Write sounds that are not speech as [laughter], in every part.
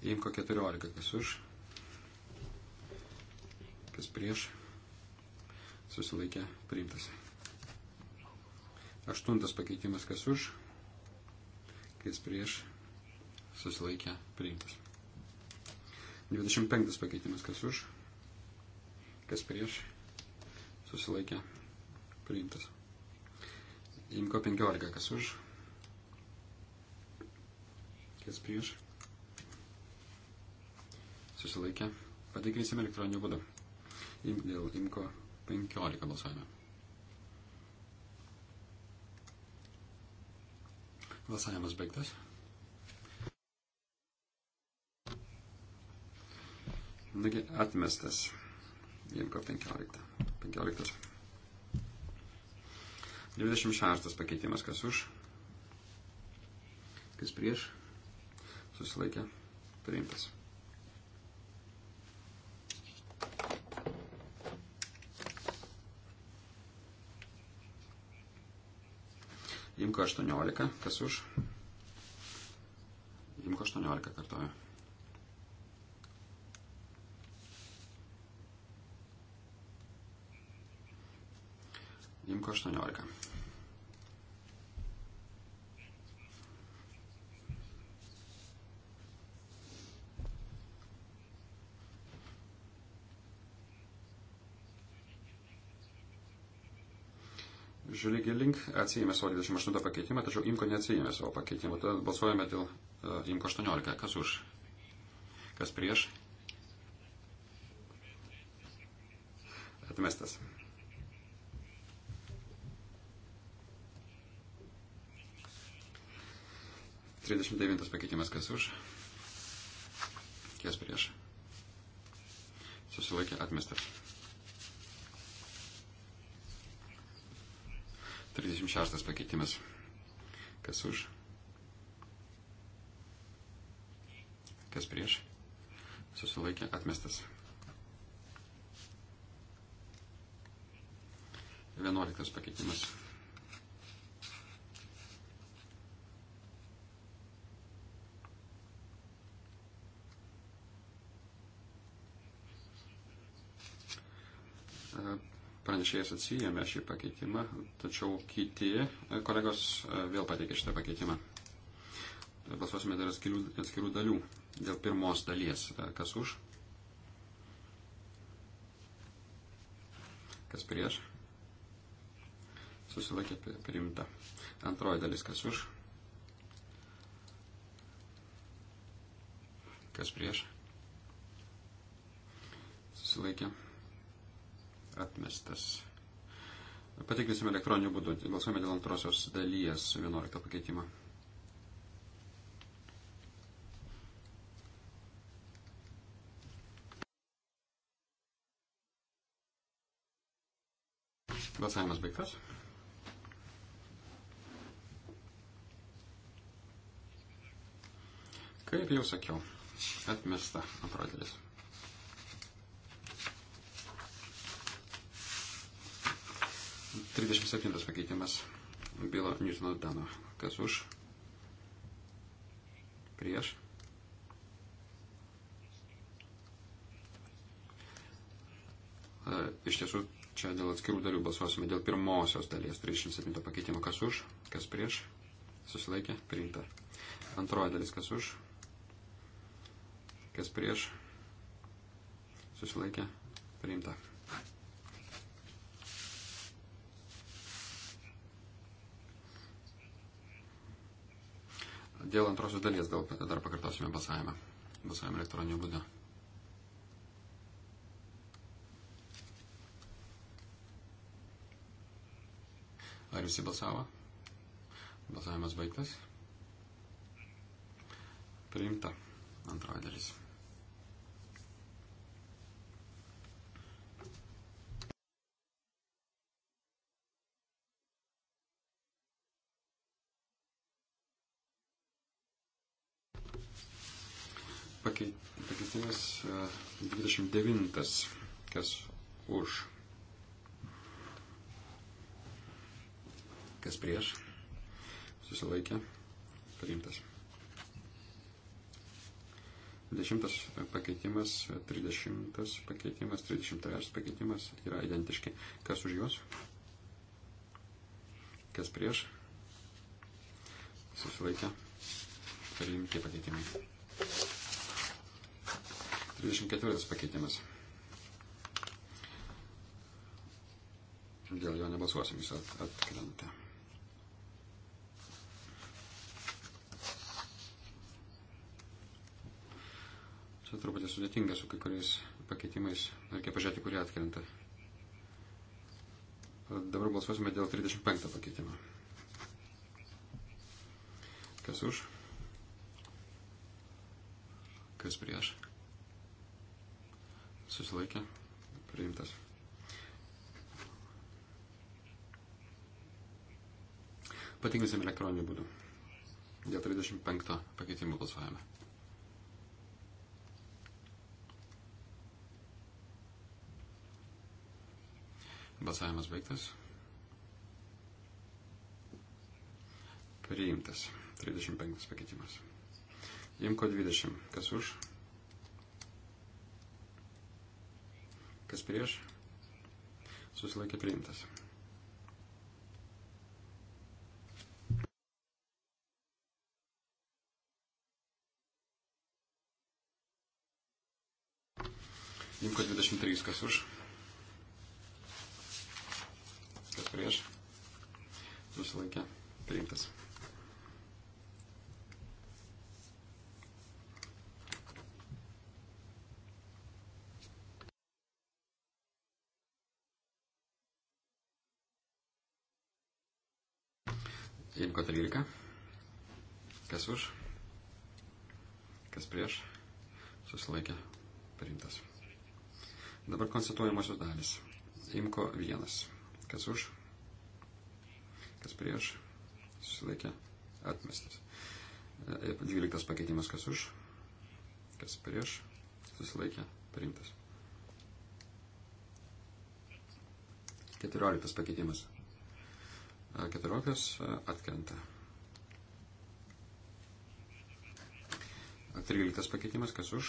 Imko 14, kas už, kas prieš, susilaikė priimtas. Aštuntas pakeitimas, kas už, kas prieš, susilaikė priimtas. 25 pakeitimas, kas už, kas prieš, susilaikė priimtas. Imko 15, kas už, kas prieš, susilaikė, patikrinsime elektroniniu būdu. Im, dėl imko 15 balsuojame. Balsavimas baigtas. Nagi, atmestas. Imko 15. 15. 26 pakeitimas, kas už, kas prieš, susilaikė, priimtas. Imko 18, kas už? Imko 18 kartuoju. Imko 18. Žiūrėgi link atsijėmė savo 28 pakeitimą, tačiau Imko neatsijėmė savo pakeitimą. Tad balsuojame dėl e, Imko 18. Kas už? Kas prieš? Atmestas. Trisdešimt devintas pakeitimas kas už, kas prieš. Susilaikė atmestas. 36 pakeitimas. Kas už? Kas prieš? Susilaikė atmestas. 11 pakeitimas. pranešėjas atsijėmė šį pakeitimą, tačiau kiti e, kolegos e, vėl pateikė šitą pakeitimą. E, balsuosime dar atskirų, atskirų dalių. Dėl pirmos dalies, kas už, kas prieš, susilaikė priimta. Antroji dalis, kas už, kas prieš, susilaikė priimta atmestas. Patikrinsime elektroniniu būdu. Balsuojame dėl antrosios dalies 11 pakeitimo. Balsavimas baigtas. Kaip jau sakiau, atmesta antroji dalis. 37 pakeitimas Bilo Newtono Dano. Kas už? Prieš. E, iš tiesų, čia dėl atskirų dalių balsuosime. Dėl pirmosios dalies 37 pakeitimo. Kas už? Kas prieš? Susilaikė? Priimta. Antroji dalis. Kas už? Kas prieš? Susilaikė? Priimta. Dėl antrosios dalies gal tai dar pakartosime balsavimą. Balsavimą elektroniniu būdu. Ar visi balsavo? Balsavimas baigtas. Priimta antroji dalis. pakeitimas 29, e, kas už, kas prieš, susilaikė, priimtas. Dešimtas pakeitimas, trisdešimtas pakeitimas, trisdešimt trečias pakeitimas yra identiški. Kas už juos? Kas prieš? Susilaikė. Priimti pakeitimai. 34 pakeitimas. Dėl jo nebalsuosim, jis atkrenta. Čia truputį sudėtinga su kai kuriais pakeitimais. Reikia pažiūrėti, kurie atkrenta. Dabar balsuosime dėl 35 pakeitimo. Kas už? Kas prieš? susilaikė, priimtas. Patikrinsim elektroninį būdų. Dėl 35 pakeitimų balsuojame. Balsavimas baigtas. Priimtas. 35 pakeitimas. Imko 20. Kas už? kas prieš, susilaikė priimtas. Imko 23, kas už, kas prieš, susilaikė priimtas. Imko 13. Kas už? Kas prieš? Susilaikė. Priimtas. Dabar konstatuojamosios dalis. Imko 1. Kas už? Kas prieš? Susilaikė. Atmestas. 12 e, pakeitimas. Kas už? Kas prieš? Susilaikė. Priimtas. 14 pakeitimas. 14 atkrenta. 13 pakeitimas, kas už,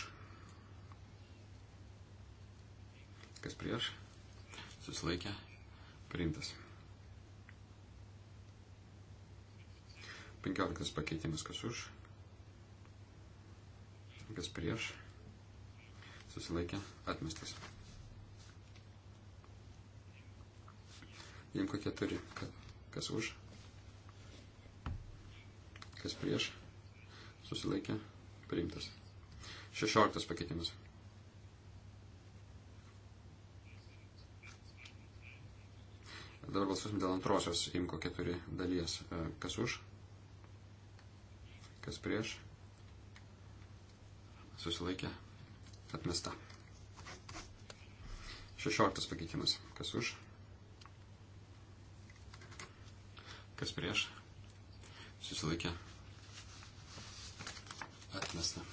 kas prieš, susilaikė, priimtas. 15 pakeitimas, kas už, kas prieš, susilaikė, atmestas. Jiem kokie turi, kad Kas už? Kas prieš? Susilaikė. Priimtas. 16 pakeitimas. Dabar balsuosim dėl antrosios imko keturi dalies. E, kas už? Kas prieš? Susilaikė. Atmesta. Šešioliktas pakeitimas. Kas už? kas prieš, susilaikė, atmesta.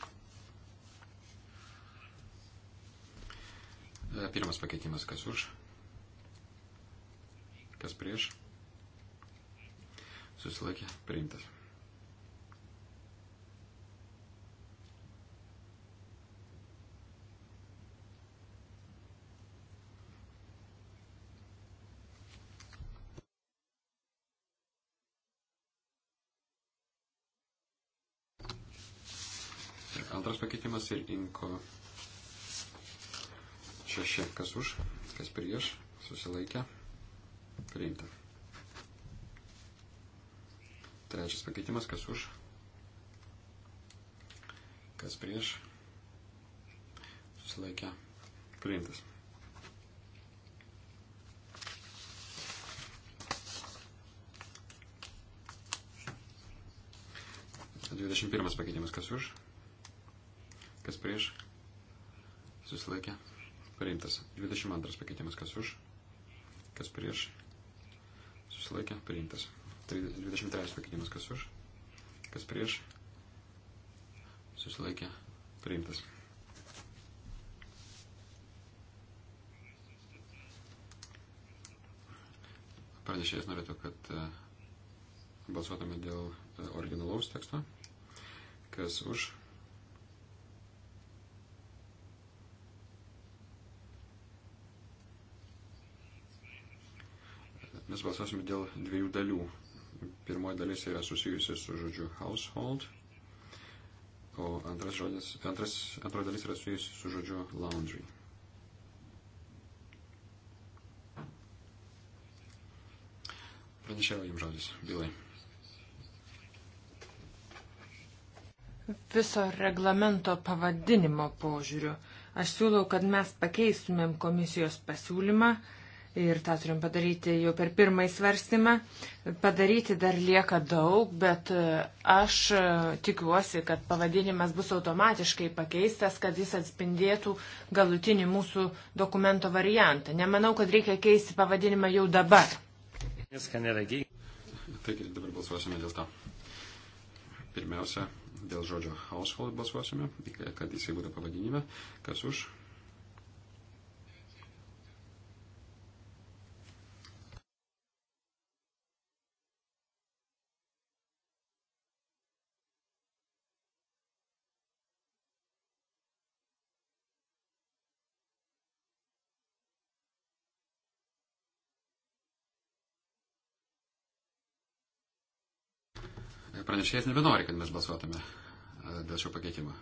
E, pirmas pakeitimas, kas už, kas prieš, susilaikė, priimtas. Aštuntas ir Inko šeši. Kas už, kas prieš, susilaikė, priimta. Trečias pakeitimas, kas už, kas prieš, susilaikė, priimtas. Dvidešimt pirmas pakeitimas, kas už, kas prieš, susilaikė, priimtas. 22 pakeitimas, kas už, kas prieš, susilaikė, priimtas. 23 pakeitimas, kas už, kas prieš, susilaikė, priimtas. Pranešėjas norėtų, kad e, balsuotume dėl e, originalaus teksto, kas už, Mes balsuosime dėl dviejų dalių. Pirmoji dalis yra susijusi su žodžiu household, o antras žodis, antras, antroji dalis yra susijusi su žodžiu laundry. Pranešėjau jums žodis, bylai. Viso reglamento pavadinimo požiūriu. Aš siūlau, kad mes pakeistumėm komisijos pasiūlymą uh, ir tą turim padaryti jau per pirmąjį svarstymą. Padaryti dar lieka daug, bet e, aš e, tikiuosi, kad pavadinimas bus automatiškai pakeistas, kad jis atspindėtų galutinį mūsų dokumento variantą. Nemanau, kad reikia keisti pavadinimą jau dabar. Taigi dabar balsuosime dėl to. Pirmiausia, dėl žodžio household balsuosime, kad jisai būtų pavadinime. Kas už? pranešėjas nebenori, kad mes balsuotume e, dėl šio pakeitimo.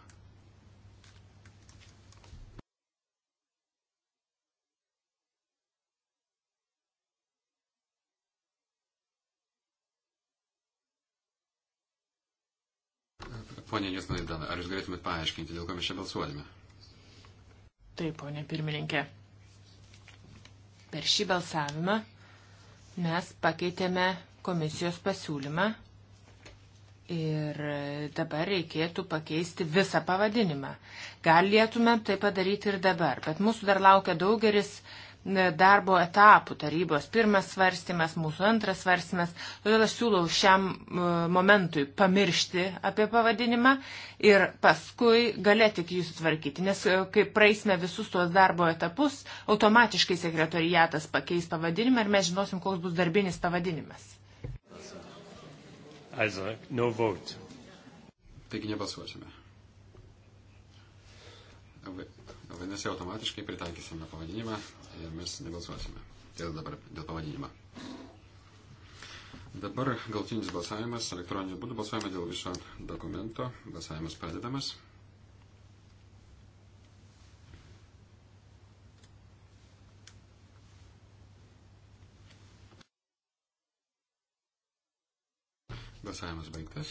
Pone Jesnaidana, ar jūs galėtumėt paaiškinti, dėl ko mes čia balsuojame? Taip, ponė pirmininkė. Per šį balsavimą mes pakeitėme komisijos pasiūlymą Ir dabar reikėtų pakeisti visą pavadinimą. Galėtumėm tai padaryti ir dabar, bet mūsų dar laukia daugelis e, darbo etapų tarybos pirmas svarstymas, mūsų antras svarstymas. Todėl aš siūlau šiam e, momentui pamiršti apie pavadinimą ir paskui gale tik jį sutvarkyti, nes e, kai praeisime visus tuos darbo etapus, automatiškai sekretorijatas pakeis pavadinimą ir mes žinosim, koks bus darbinis pavadinimas. Also, no vote. Taigi nebalsuosime. Vadinasi, automatiškai pritaikysime pavadinimą ir mes nebalsuosime. Tai dabar dėl pavadinimo. Dabar galtinis balsavimas, elektroniniu būdu balsuojame dėl viso dokumento. Balsavimas pradedamas. Balsavimas baigtas.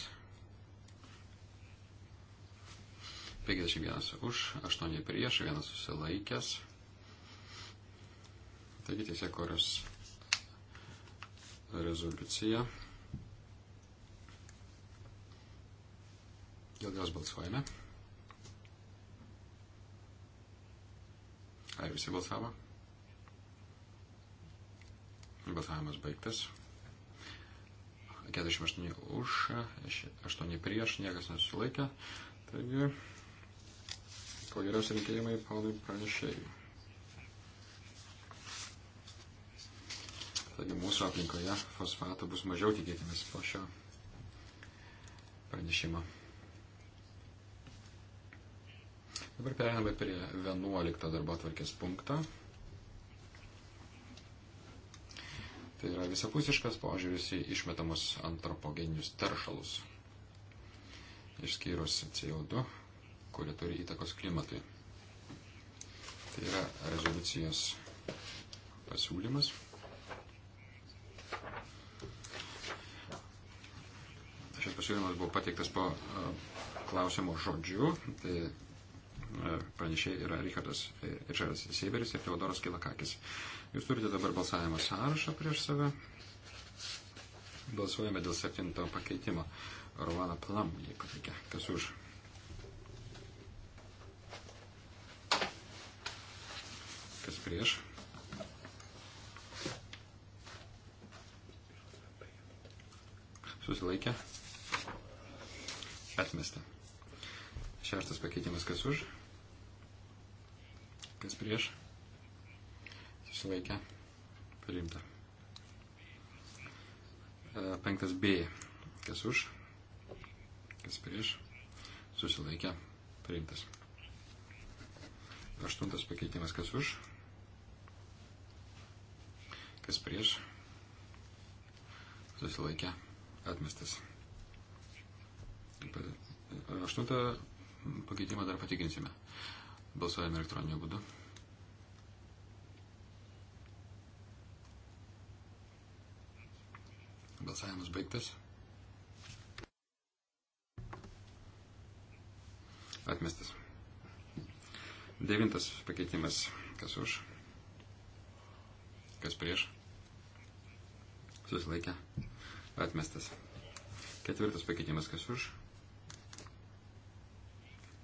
51 už, 8 prieš, 1 susilaikęs. Taigi tiesiog koras rezoliucija. Dėl jos balsuojame. Ar visi balsavo? Balsavimas baigtas. 48 už, 8 prieš, niekas nesusilaikė. Taigi, ko geriausi linkėjimai Paului pranešėjui. Taigi mūsų aplinkoje fosfato bus mažiau tikėkimės po šio pranešimo. Dabar perėmame prie 11 darbo atvarkės punktą. Tai yra visapusiškas požiūris į išmetamus antropogeninius teršalus, išskyrus CO2, kurie turi įtakos klimatui. Tai yra rezoliucijos pasiūlymas. Šis pasiūlymas buvo pateiktas po klausimo žodžiu, tai E, Pranešėjai yra Richardas e, Richardas Seiberis ir Teodoras Kilakakis. Jūs turite dabar balsavimo sąrašą prieš save. Balsuojame dėl septinto pakeitimo. Rovana Plam jį pateikė. Kas už? Kas prieš? Susilaikė. Atmesta. Šeštas pakeitimas kas už? kas prieš, susilaikė, priimta. E, penktas B, kas už, kas prieš, susilaikė, priimtas. Aštuntas pakeitimas, kas už, kas prieš, susilaikė, atmestas. Aštuntą pakeitimą dar patikrinsime. Balsuojame elektroniniu būdu. Balsavimas baigtas. Atmestas. Devintas pakeitimas. Kas už? Kas prieš? Susilaikė. Atmestas. Ketvirtas pakeitimas. Kas už?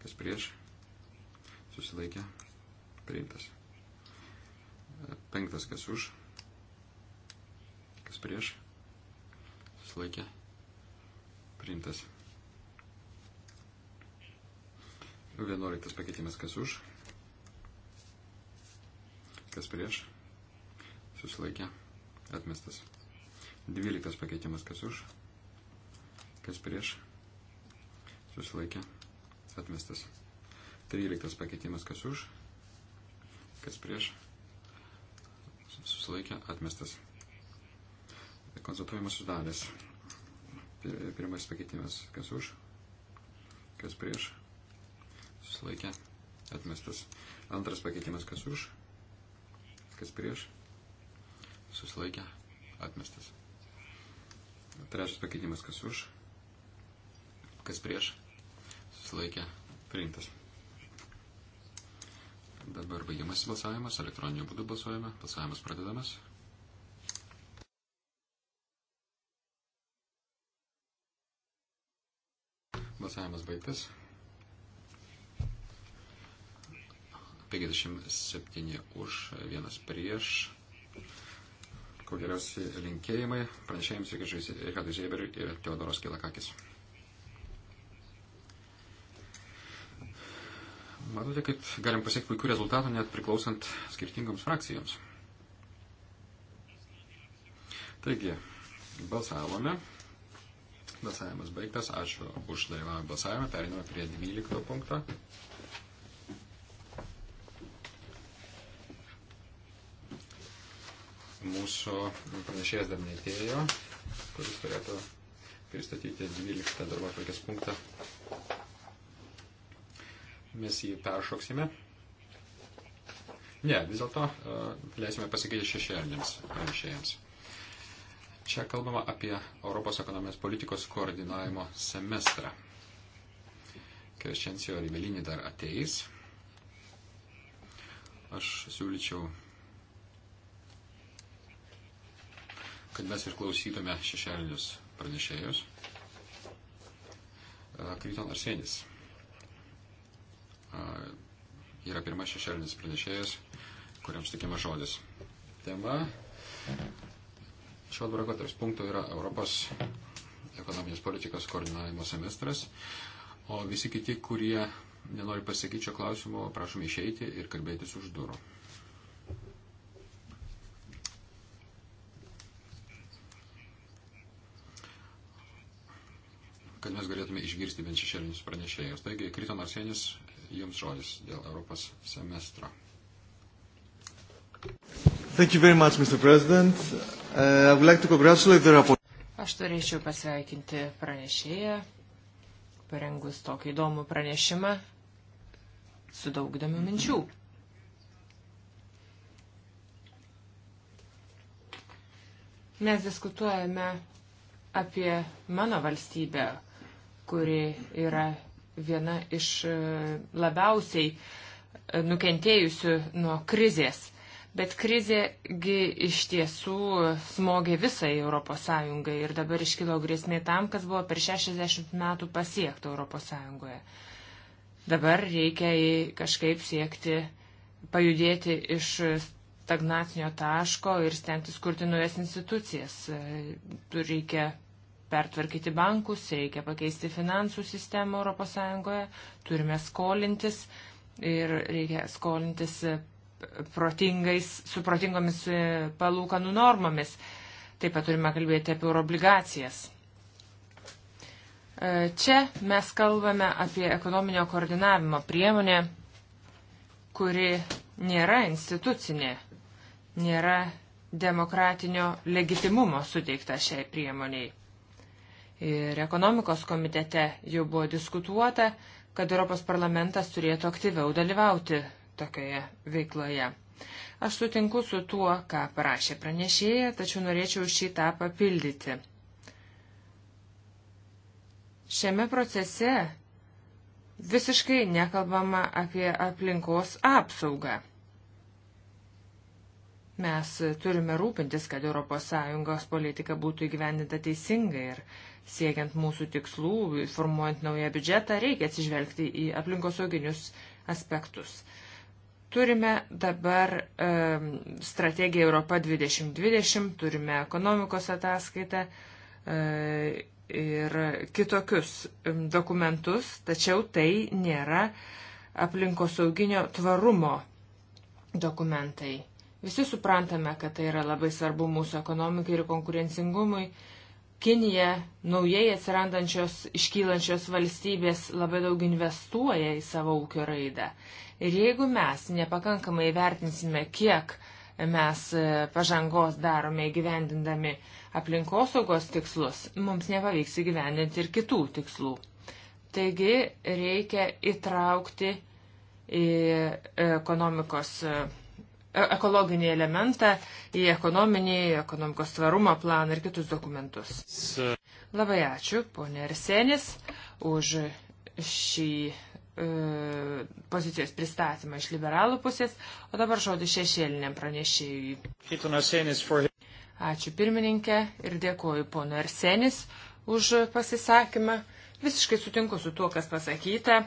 Kas prieš? susilaikė, priimtas. Penktas, kas už, kas prieš, susilaikė, priimtas. Vienuoliktas pakeitimas, kas už, kas prieš, susilaikė, atmestas. Dvyliktas pakeitimas, kas už, kas prieš, susilaikė, atmestas. 13 pakeitimas kas už, kas prieš, susilaikė atmestas. Konsultuojamas sudarės. Pirmasis pakeitimas kas už, kas prieš, susilaikė atmestas. Antras pakeitimas kas už, kas prieš, susilaikė atmestas. Trečias pakeitimas kas už, kas prieš, susilaikė priimtas. Dabar baigiamas balsavimas, elektroniniu būdu balsuojame, balsavimas pradedamas. Balsavimas baigtas. 57 už, vienas prieš. Ko geriausi linkėjimai pranešėjams Rikardui Zėberiui ir Teodoros Kilakakis. Matote, kaip galim pasiekti puikių rezultatų net priklausant skirtingoms frakcijoms. Taigi, balsavome. Balsavimas baigtas. Ačiū už dalyvavimą balsavimą. Periname prie 12 punkto. Mūsų pranešėjas dar netėjo, kuris turėtų pristatyti 12 darbo atvarkės punktą mes jį peršoksime. Ne, vis dėlto e, leisime pasakyti šešėlinėms pranešėjams. Čia kalbama apie Europos ekonomijos politikos koordinavimo semestrą. Krešencijo Rivelinį dar ateis. Aš siūlyčiau, kad mes išklausytume šešėlinius pranešėjus. E, Kriton Arsenis yra pirmas šešėlinis pranešėjas, kuriam sutikimas žodis. Tema šio atbrakotarės punkto yra Europos ekonominės politikos koordinavimo semestras, o visi kiti, kurie nenori pasakyti šio klausimo, prašom išeiti ir kalbėtis už durų. kad mes galėtume išgirsti bent šešėlinius pranešėjus. Taigi, Krito Marsenis jums žodis dėl Europos semestro. Much, uh, like the... Aš turėčiau pasveikinti pranešėją, parengus tokį įdomų pranešimą su daug įdomių minčių. Mes diskutuojame apie mano valstybę, kuri yra viena iš e, labiausiai e, nukentėjusių nuo krizės. Bet krizėgi iš tiesų smogė visai ES ir dabar iškilo grėsmė tam, kas buvo per 60 metų pasiekta ES. Dabar reikia kažkaip siekti pajudėti iš stagnacinio taško ir stengtis kurti naujas institucijas. E, reikia pertvarkyti bankus, reikia pakeisti finansų sistemą ES, turime skolintis ir reikia skolintis protingais, su protingomis e, palūkanų normomis. Taip pat turime kalbėti apie euroobligacijas. E, čia mes kalbame apie ekonominio koordinavimo priemonę, kuri nėra institucinė, nėra demokratinio legitimumo suteikta šiai priemoniai ir ekonomikos komitete jau buvo diskutuota, kad Europos parlamentas turėtų aktyviau dalyvauti tokioje veikloje. Aš sutinku su tuo, ką parašė pranešėja, tačiau norėčiau šitą papildyti. Šiame procese visiškai nekalbama apie aplinkos apsaugą. Mes turime rūpintis, kad ES politika būtų įgyvendinta teisingai ir Siekiant mūsų tikslų, formuojant naują biudžetą, reikia atsižvelgti į aplinkosauginius aspektus. Turime dabar e, strategiją Europa 2020, turime ekonomikos ataskaitą e, ir kitokius dokumentus, tačiau tai nėra aplinkosauginio tvarumo dokumentai. Visi suprantame, kad tai yra labai svarbu mūsų ekonomikai ir konkurencingumui, Kinija, naujai atsirandančios, iškylančios valstybės labai daug investuoja į savo ūkio raidą. Ir jeigu mes nepakankamai vertinsime, kiek mes e, pažangos darome įgyvendindami aplinkosaugos tikslus, mums nepavyks įgyvendinti ir kitų tikslų. Taigi reikia įtraukti į e, ekonomikos e, ekologinį elementą į ekonominį, ekonomikos tvarumo planą ir kitus dokumentus. Labai ačiū, ponė Arsenis, už šį e, pozicijos pristatymą iš liberalų pusės, o dabar žodis šešėliniam pranešėjui. Ačiū pirmininkė ir dėkoju ponui Arsenis už pasisakymą. Visiškai sutinku su tuo, kas pasakyta.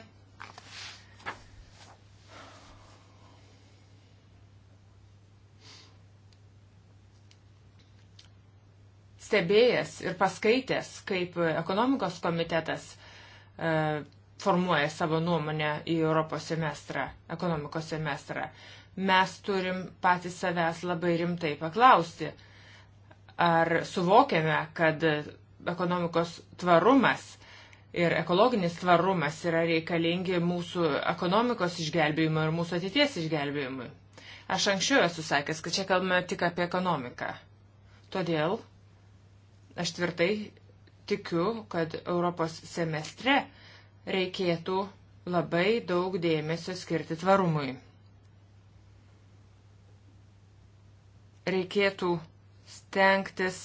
stebėjęs ir paskaitęs, kaip ekonomikos komitetas e, formuoja savo nuomonę į Europos semestrą, ekonomikos semestrą. Mes turim patys savęs labai rimtai paklausti, ar suvokiame, kad ekonomikos tvarumas ir ekologinis tvarumas yra reikalingi mūsų ekonomikos išgelbėjimui ir mūsų ateities išgelbėjimui. Aš anksčiau esu sakęs, kad čia kalbame tik apie ekonomiką. Todėl Aš tvirtai tikiu, kad Europos semestre reikėtų labai daug dėmesio skirti tvarumui. Reikėtų stengtis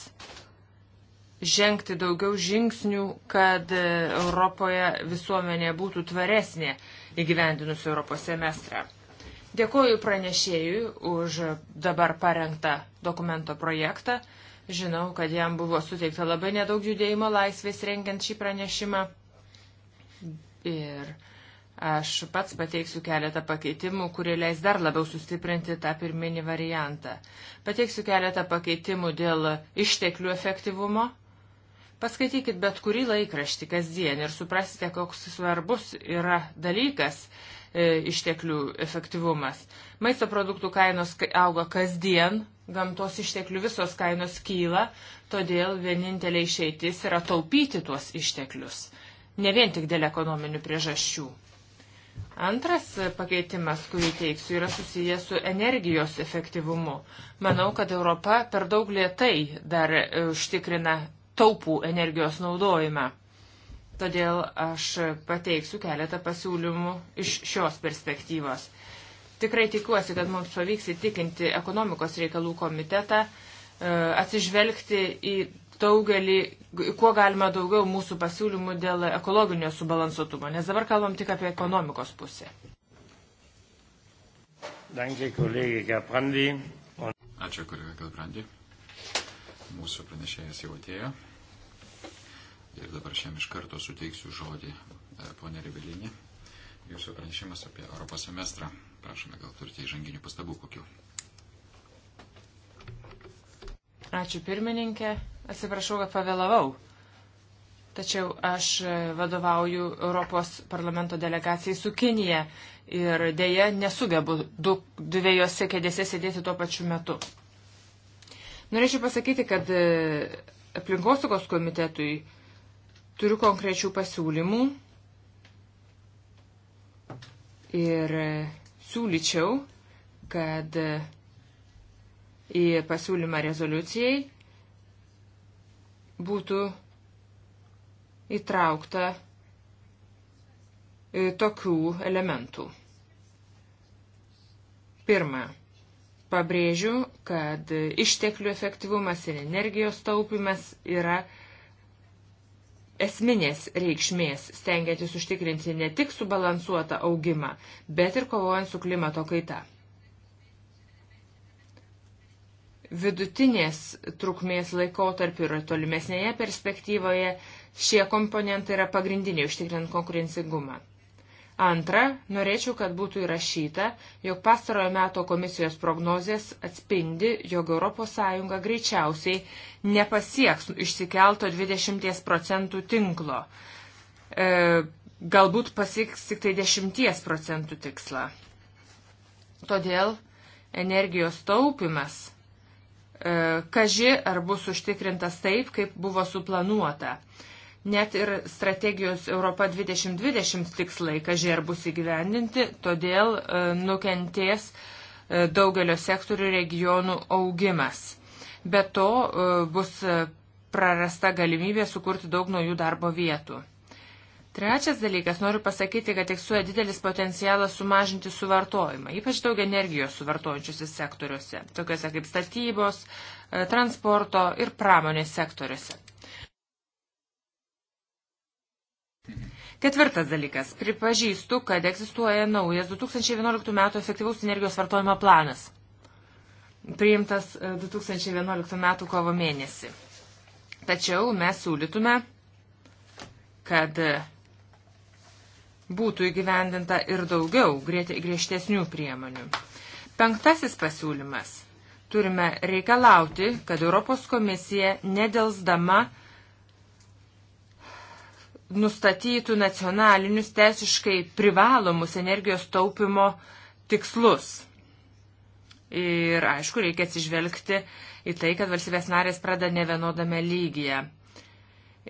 žengti daugiau žingsnių, kad Europoje visuomenė būtų tvaresnė įgyvendinus Europos semestrą. Dėkuoju pranešėjui už dabar parengtą dokumento projektą. Žinau, kad jam buvo suteikta labai nedaug judėjimo laisvės rengiant šį pranešimą. Ir aš pats pateiksiu keletą pakeitimų, kurie leis dar labiau sustiprinti tą pirminį variantą. Pateiksiu keletą pakeitimų dėl išteklių efektyvumo. Paskaitykit bet kurį laikraštį kasdien ir suprasite, koks svarbus yra dalykas e, išteklių efektyvumas. Maisto produktų kainos auga kasdien, gamtos išteklių visos kainos kyla, todėl vienintelė išeitis yra taupyti tuos išteklius, ne vien tik dėl ekonominių priežasčių. Antras pakeitimas, kurį teiksiu, yra susijęs su energijos efektyvumu. Manau, kad Europa per daug lietai dar užtikrina taupų energijos naudojimą. Todėl aš pateiksiu keletą pasiūlymų iš šios perspektyvos. Tikrai tikiuosi, kad mums pavyks įtikinti ekonomikos reikalų komitetą, e, atsižvelgti į daugelį, kuo galima daugiau mūsų pasiūlymų dėl ekologinio subalansuotumo, nes dabar kalbam tik apie ekonomikos pusę. Dankė, kolegė Gebrandi. Ačiū, kolega Gebrandi. Mūsų pranešėjas jau atėjo. Ir dabar šiam iš karto suteiksiu žodį e, ponė Ribelinė. Jūsų pranešimas apie Europos semestrą. Prašome, gal turite įžanginių pastabų kokių. Ačiū pirmininkė, atsiprašau, kad pavėlavau. Tačiau aš e, vadovauju Europos parlamento delegacijai su Kinija ir dėja nesugebu du, dviejose kėdėse sėdėti tuo pačiu metu. Norėčiau pasakyti, kad e, aplinkosaugos komitetui turiu konkrečių pasiūlymų ir e, siūlyčiau, kad į pasiūlymą rezoliucijai būtų įtraukta e, tokių elementų. Pirma, pabrėžiu, kad išteklių efektyvumas ir energijos taupimas yra esminės reikšmės, stengiantis užtikrinti ne tik subalansuotą augimą, bet ir kovojant su klimato kaita. Vidutinės trukmės laikotarpiu ir tolimesnėje perspektyvoje šie komponentai yra pagrindiniai užtikrinant konkurencingumą. Antra, norėčiau, kad būtų įrašyta, jog pastarojo meto komisijos prognozijas atspindi, jog ES greičiausiai nepasieks išsikelto 20 procentų tinklo. E, galbūt pasieks tik tai 10 procentų tikslą. Todėl energijos taupimas, e, kaži ar bus užtikrintas taip, kaip buvo suplanuota. E, Net ir strategijos Europa 2020 tikslai, kažkai ar bus įgyvendinti, todėl e, nukentės e, daugelio sektorių regionų augimas. Be to e, bus prarasta galimybė sukurti daug naujų darbo vietų. Trečias dalykas, noriu pasakyti, kad egzistuoja didelis potencialas sumažinti suvartojimą, ypač daug energijos suvartojančiuose sektoriuose, tokiuose kaip statybos, transporto ir pramonės sektoriuose. Ketvirtas dalykas. Pripažįstu, kad egzistuoja naujas 2011 m. efektyvaus energijos vartojimo planas, priimtas 2011 e, m. kovo mėnesį. Tačiau mes siūlytume, kad e, būtų įgyvendinta ir daugiau griežtesnių priemonių. Penktasis pasiūlymas. Turime reikalauti, kad Europos komisija nedelsdama uh, nustatytų nacionalinius teisiškai privalomus energijos taupimo tikslus. Ir aišku, reikia atsižvelgti į tai, kad valstybės narės pradeda ne vienodame lygyje.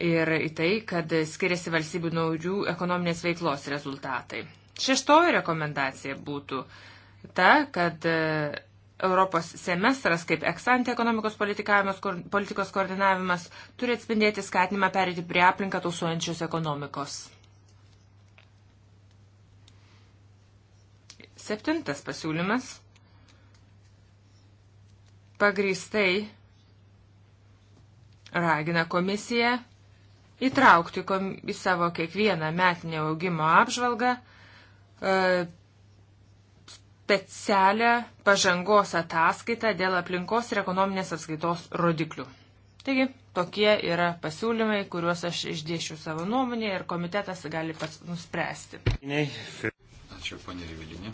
Ir į tai, kad skiriasi valstybių naujų ekonominės veiklos rezultatai. Šeštoji rekomendacija būtų ta, kad Europos semestras kaip eksantė ekonomikos politikos koordinavimas turi atspindėti skatinimą perėti prie aplinką tausuojančios ekonomikos. Septintas pasiūlymas. Pagrįstai ragina komisiją įtraukti kom į savo kiekvieną metinę augimo apžvalgą e, specialią pažangos ataskaitą dėl aplinkos ir ekonominės atskaitos rodiklių. Taigi, tokie yra pasiūlymai, kuriuos aš išdėšiu savo nuomonę ir komitetas gali pats nuspręsti. Ačiū, ponė Rivilinė,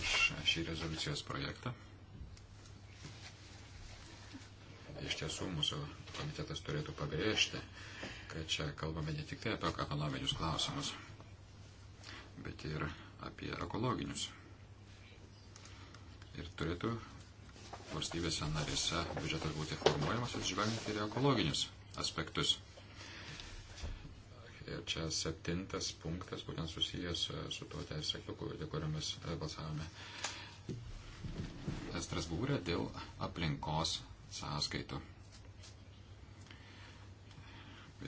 už šį rezoliucijos projektą. Iš tiesų, mūsų komitetas turėtų pabrėžti, kad čia kalbame ne tik tai apie ekonominius klausimus, bet ir apie ekologinius. Ir turėtų valstybėse narėse biudžetas būti formuojamas atsižvelgiant ir ekologinius aspektus. Ir čia septintas punktas, būtent susijęs e, su tuo teisės aktu, kuriomis e, balsavome e, Strasbūrė dėl aplinkos sąskaitų.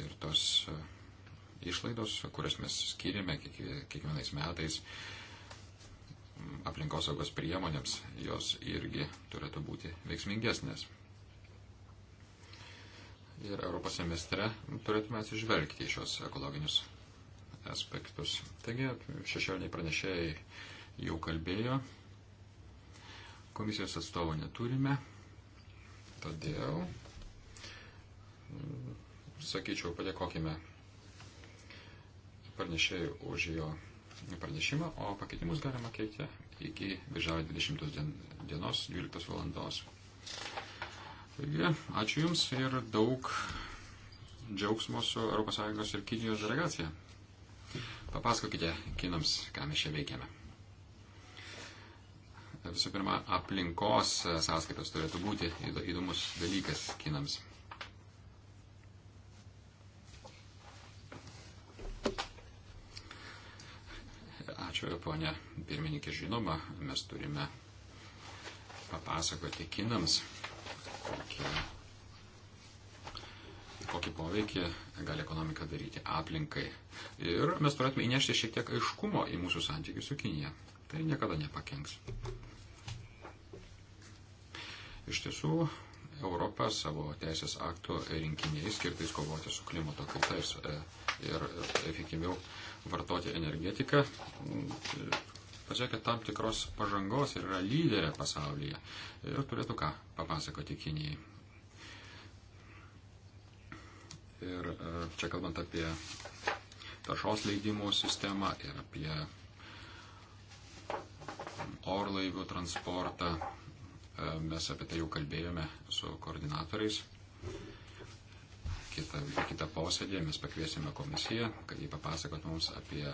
Ir tos uh, išlaidos, kurias mes skiriame kiekvienais metais mm, aplinkosaugos priemonėms, jos irgi turėtų būti veiksmingesnės. Ir Europos semestre turėtume atsižvelgti į šios ekologinius aspektus. Taigi, šešioliniai pranešėjai jau kalbėjo, komisijos atstovo neturime, todėl, mm, sakyčiau, padėkokime pranešėjui už jo pranešimą, o pakeitimus galima keikti iki birželio 20 dienos 12 valandos. Taigi, ačiū Jums ir daug džiaugsmo su ES ir Kinijos delegacija. Papasakokite kinams, ką mes čia veikiame. Visų pirma, aplinkos sąskaitas turėtų būti įdomus dalykas kinams. Ačiū, ponė pirmininkė, žinoma, mes turime papasakoti kinams, kokį, kokį poveikį gali ekonomika daryti aplinkai. Ir mes turėtume įnešti šiek tiek aiškumo į mūsų santykius su Kinija. Tai niekada nepakenks. Iš tiesų, Europa savo teisės aktų rinkiniais skirtais kovoti su klimato kaitais e, ir e, efektyviau. E, vartoti energetiką, pasiekė tam tikros pažangos ir yra lyderė pasaulyje. Ir turėtų ką papasakoti Kinijai. Ir e, čia kalbant apie taršos leidimų sistemą ir apie orlaivių transportą, e, mes apie tai jau kalbėjome su koordinatoriais kitą, kitą posėdį mes pakviesime komisiją, kad jį papasakot mums apie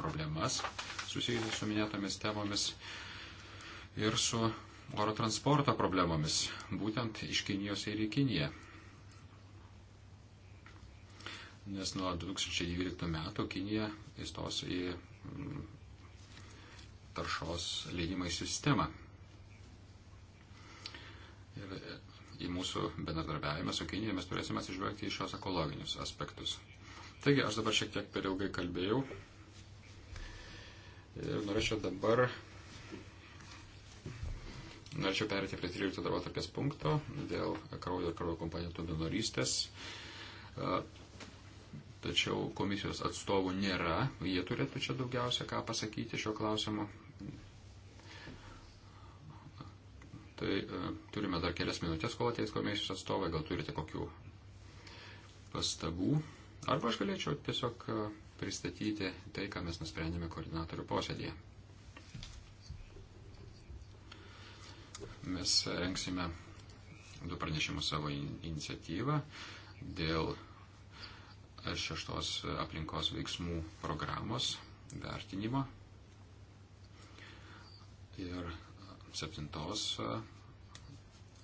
problemas susijusius su minėtomis temomis ir su oro transporto problemomis, būtent iš Kinijos ir į Kiniją. Nes nuo 2012 metų Kinija įstos į taršos leidimai sistemą. Ir į mūsų bendradarbiavimą su Kinija mes turėsime atsižvelgti į šios ekologinius aspektus. Taigi, aš dabar šiek tiek per ilgai kalbėjau ir norėčiau dabar norėčiau perėti prie 13 darbo tarpės punkto dėl kraujo ir kraujo komponentų donorystės. Tačiau komisijos atstovų nėra, jie turėtų čia daugiausia ką pasakyti šio klausimu. Tai e, turime dar kelias minutės, kol ateis komisijos atstovai, gal turite kokių pastabų. Arba aš galėčiau tiesiog e, pristatyti tai, ką mes nusprendėme koordinatorių posėdėje. Mes rengsime du pranešimus savo iniciatyvą dėl šeštos aplinkos veiksmų programos vertinimo. Ir septintos e,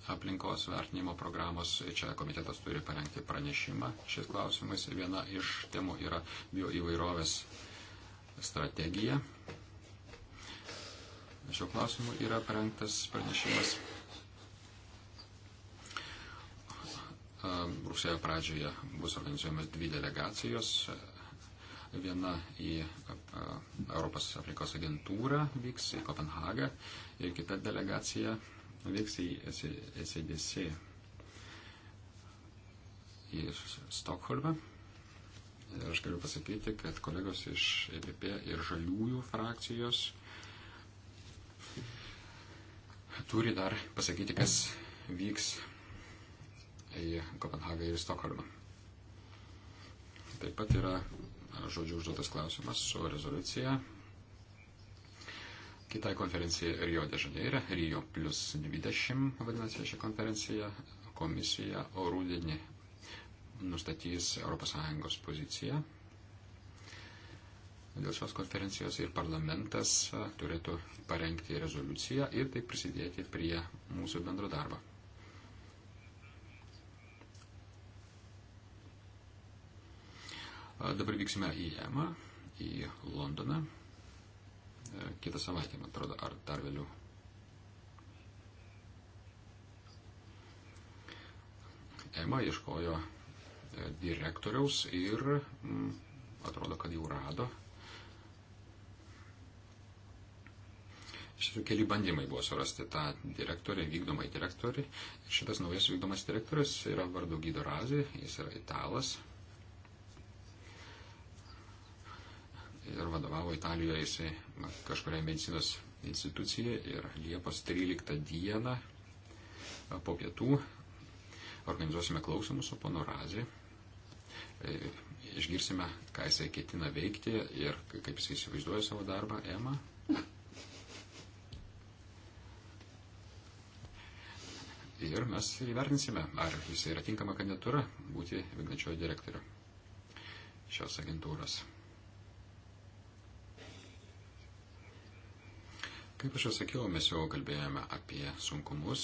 aplinkos vertinimo programos. Čia komitetas turi parengti pranešimą šiais klausimais. Ir viena iš temų yra bioįvairovės strategija. Šiuo klausimu yra parengtas pranešimas e, rugsėjo pradžioje bus organizuojamas dvi delegacijos Viena į Europos aplinkos agentūrą vyks į Kopenhagą ir kita delegacija vyks į SEDC į Stokholmą. Ir aš galiu pasakyti, kad kolegos iš EPP ir žaliųjų frakcijos turi dar pasakyti, kas vyks į Kopenhagą ir Stokholmą. Taip pat yra žodžių užduotas klausimas su rezoliucija kitai konferencijai Rio de Žaneire, Rio plus 20 vadinasi ši konferencija, komisija, o rūdienį nustatys ES poziciją. Dėl šios konferencijos ir parlamentas turėtų parengti rezoliuciją ir taip prisidėti prie mūsų bendro darbo. Dabar vyksime į EMA, į Londoną. E, kitą savaitę, man atrodo, ar dar vėliau. EMA ieškojo e, direktoriaus ir m, mm, atrodo, kad jau rado. Šitų keli bandymai buvo surasti tą direktorį, vykdomąjį direktorį. Ir šitas naujas vykdomas direktorius yra vardu Gido Razė, jis yra italas, ir vadovavo Italijoje jisai kažkuriai medicinos institucijai ir Liepos 13 dieną po pietų organizuosime klausimus su ponu Razė. E, išgirsime, ką jisai ketina veikti ir kaip jisai įsivaizduoja savo darbą, Ema. Ir mes įvertinsime, ar jisai yra tinkama kandidatūra būti vykdančiojo direktoriu šios agentūros. Kaip aš jau sakiau, mes jau kalbėjome apie sunkumus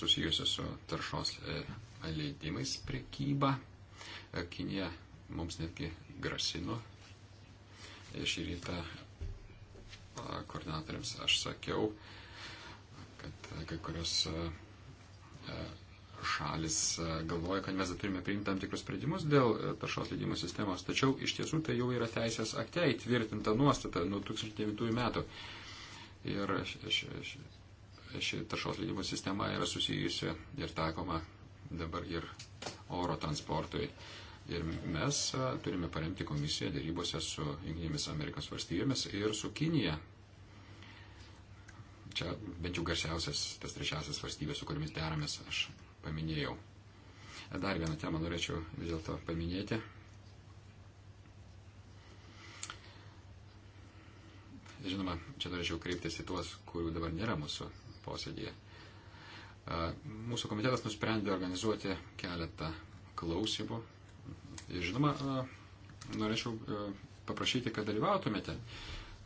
susijusius su taršos e, leidimais prekyba. E, Kinija mums netgi grasino. E, šį rytą koordinatoriams aš sakiau, kad kai kurios šalis e, galvoja, kad mes turime priimti tam tikrus sprendimus dėl e, taršos leidimo sistemos, tačiau iš tiesų tai jau yra teisės akte įtvirtinta nuostata nuo 2009 metų. Ir ši taršos leidimo sistema yra susijusi ir takoma dabar ir oro transportui. Ir mes e, turime paremti komisiją dėrybose su Junginėmis Amerikos valstybėmis ir su Kinija, čia bent jau garsiausias, tas trečiasis valstybės, su kuriamis deramės, aš paminėjau. Dar vieną temą norėčiau vis dėlto paminėti. Žinoma, čia norėčiau kreiptis į tuos, kurių dabar nėra mūsų posėdėje. Mūsų komitetas nusprendė organizuoti keletą klausimų. Ir žinoma, norėčiau paprašyti, kad dalyvautumėte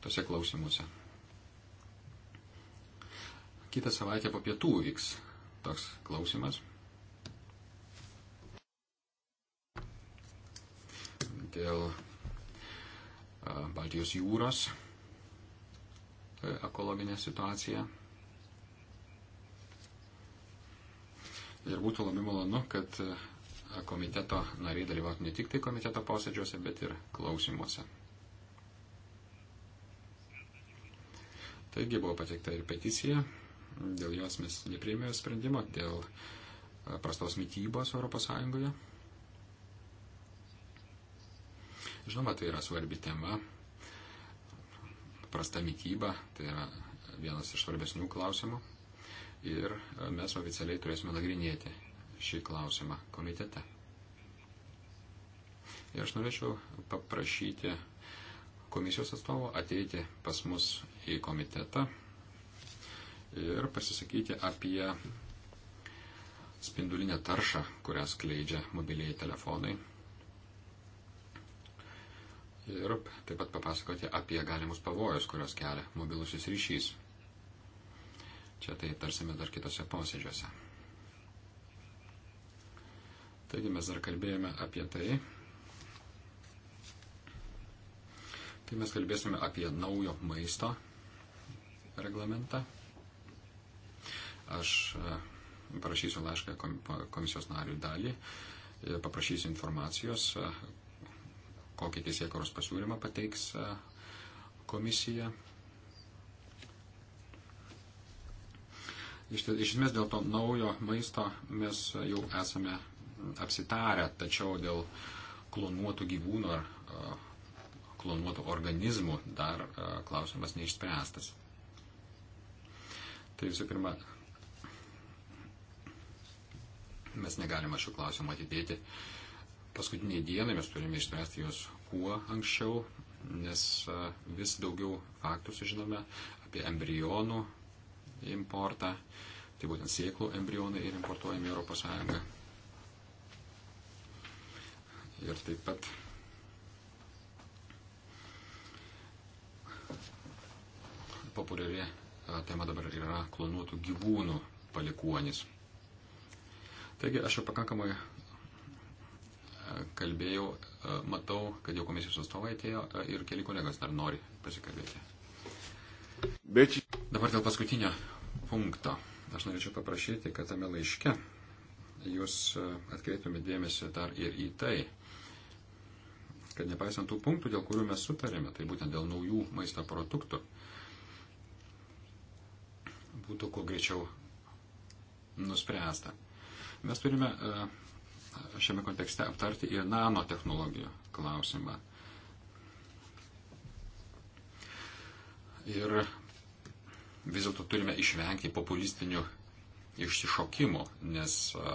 tose klausimuose. Kita savaitė po pietų vyks toks klausimas. Dėl Baltijos jūros e, ekologinė situacija. Ir būtų labai malonu, kad e, komiteto nariai dalyvautų ne tik tai komiteto posėdžiuose, bet ir klausimuose. Taigi buvo pateikta ir peticija dėl jos mes neprieimėme sprendimo, dėl e, prastos mytybos ES. Žinoma, tai yra svarbi tema. Prasta mytyba tai yra vienas iš svarbesnių klausimų. Ir e, mes oficialiai turėsime nagrinėti šį klausimą komitete. Ir aš norėčiau paprašyti komisijos atstovo ateiti pas mus į komitetą ir pasisakyti apie spindulinę taršą, kurią skleidžia mobiliai telefonai. Ir taip pat papasakoti apie galimus pavojus, kurios kelia mobilusis ryšys. Čia tai tarsime dar kitose posėdžiuose. Taigi mes dar kalbėjome apie tai. Tai mes kalbėsime apie naujo maisto reglamentą Aš e, parašysiu laišką komisijos narių dalį, paprašysiu informacijos, e, kokį teisėkoros pasiūlymą pateiks e, komisija. Iš, iš esmės dėl to naujo maisto mes jau esame apsitarę, tačiau dėl klonuotų gyvūnų ar klonuotų organizmų dar klausimas neišspręstas. Tai visų pirma, Mes negalime šių klausimų atidėti. Paskutiniai dienai mes turime išspręsti juos kuo anksčiau, nes vis daugiau faktų sužinome apie embrionų importą. Tai būtent sėklų embrionai ir importuojami Europos Sąjungą. Ir taip pat populiari tema dabar yra klonuotų gyvūnų palikuonis. Taigi aš jau pakankamai e, kalbėjau, e, matau, kad jau komisijos atstovai atėjo e, ir keli kolegos dar nori pasikalbėti. Bet... Dabar dėl paskutinio punkto. Aš norėčiau paprašyti, kad tame laiške jūs atkreiptumėte dėmesį dar ir į tai, kad nepaisant tų punktų, dėl kurių mes sutarėme, tai būtent dėl naujų maisto produktų, būtų kuo greičiau nuspręsta. Mes turime e, šiame kontekste aptarti ir nanotehnologijų klausimą. Ir vis dėlto turime išvengti populistinių išsišokimų, nes e,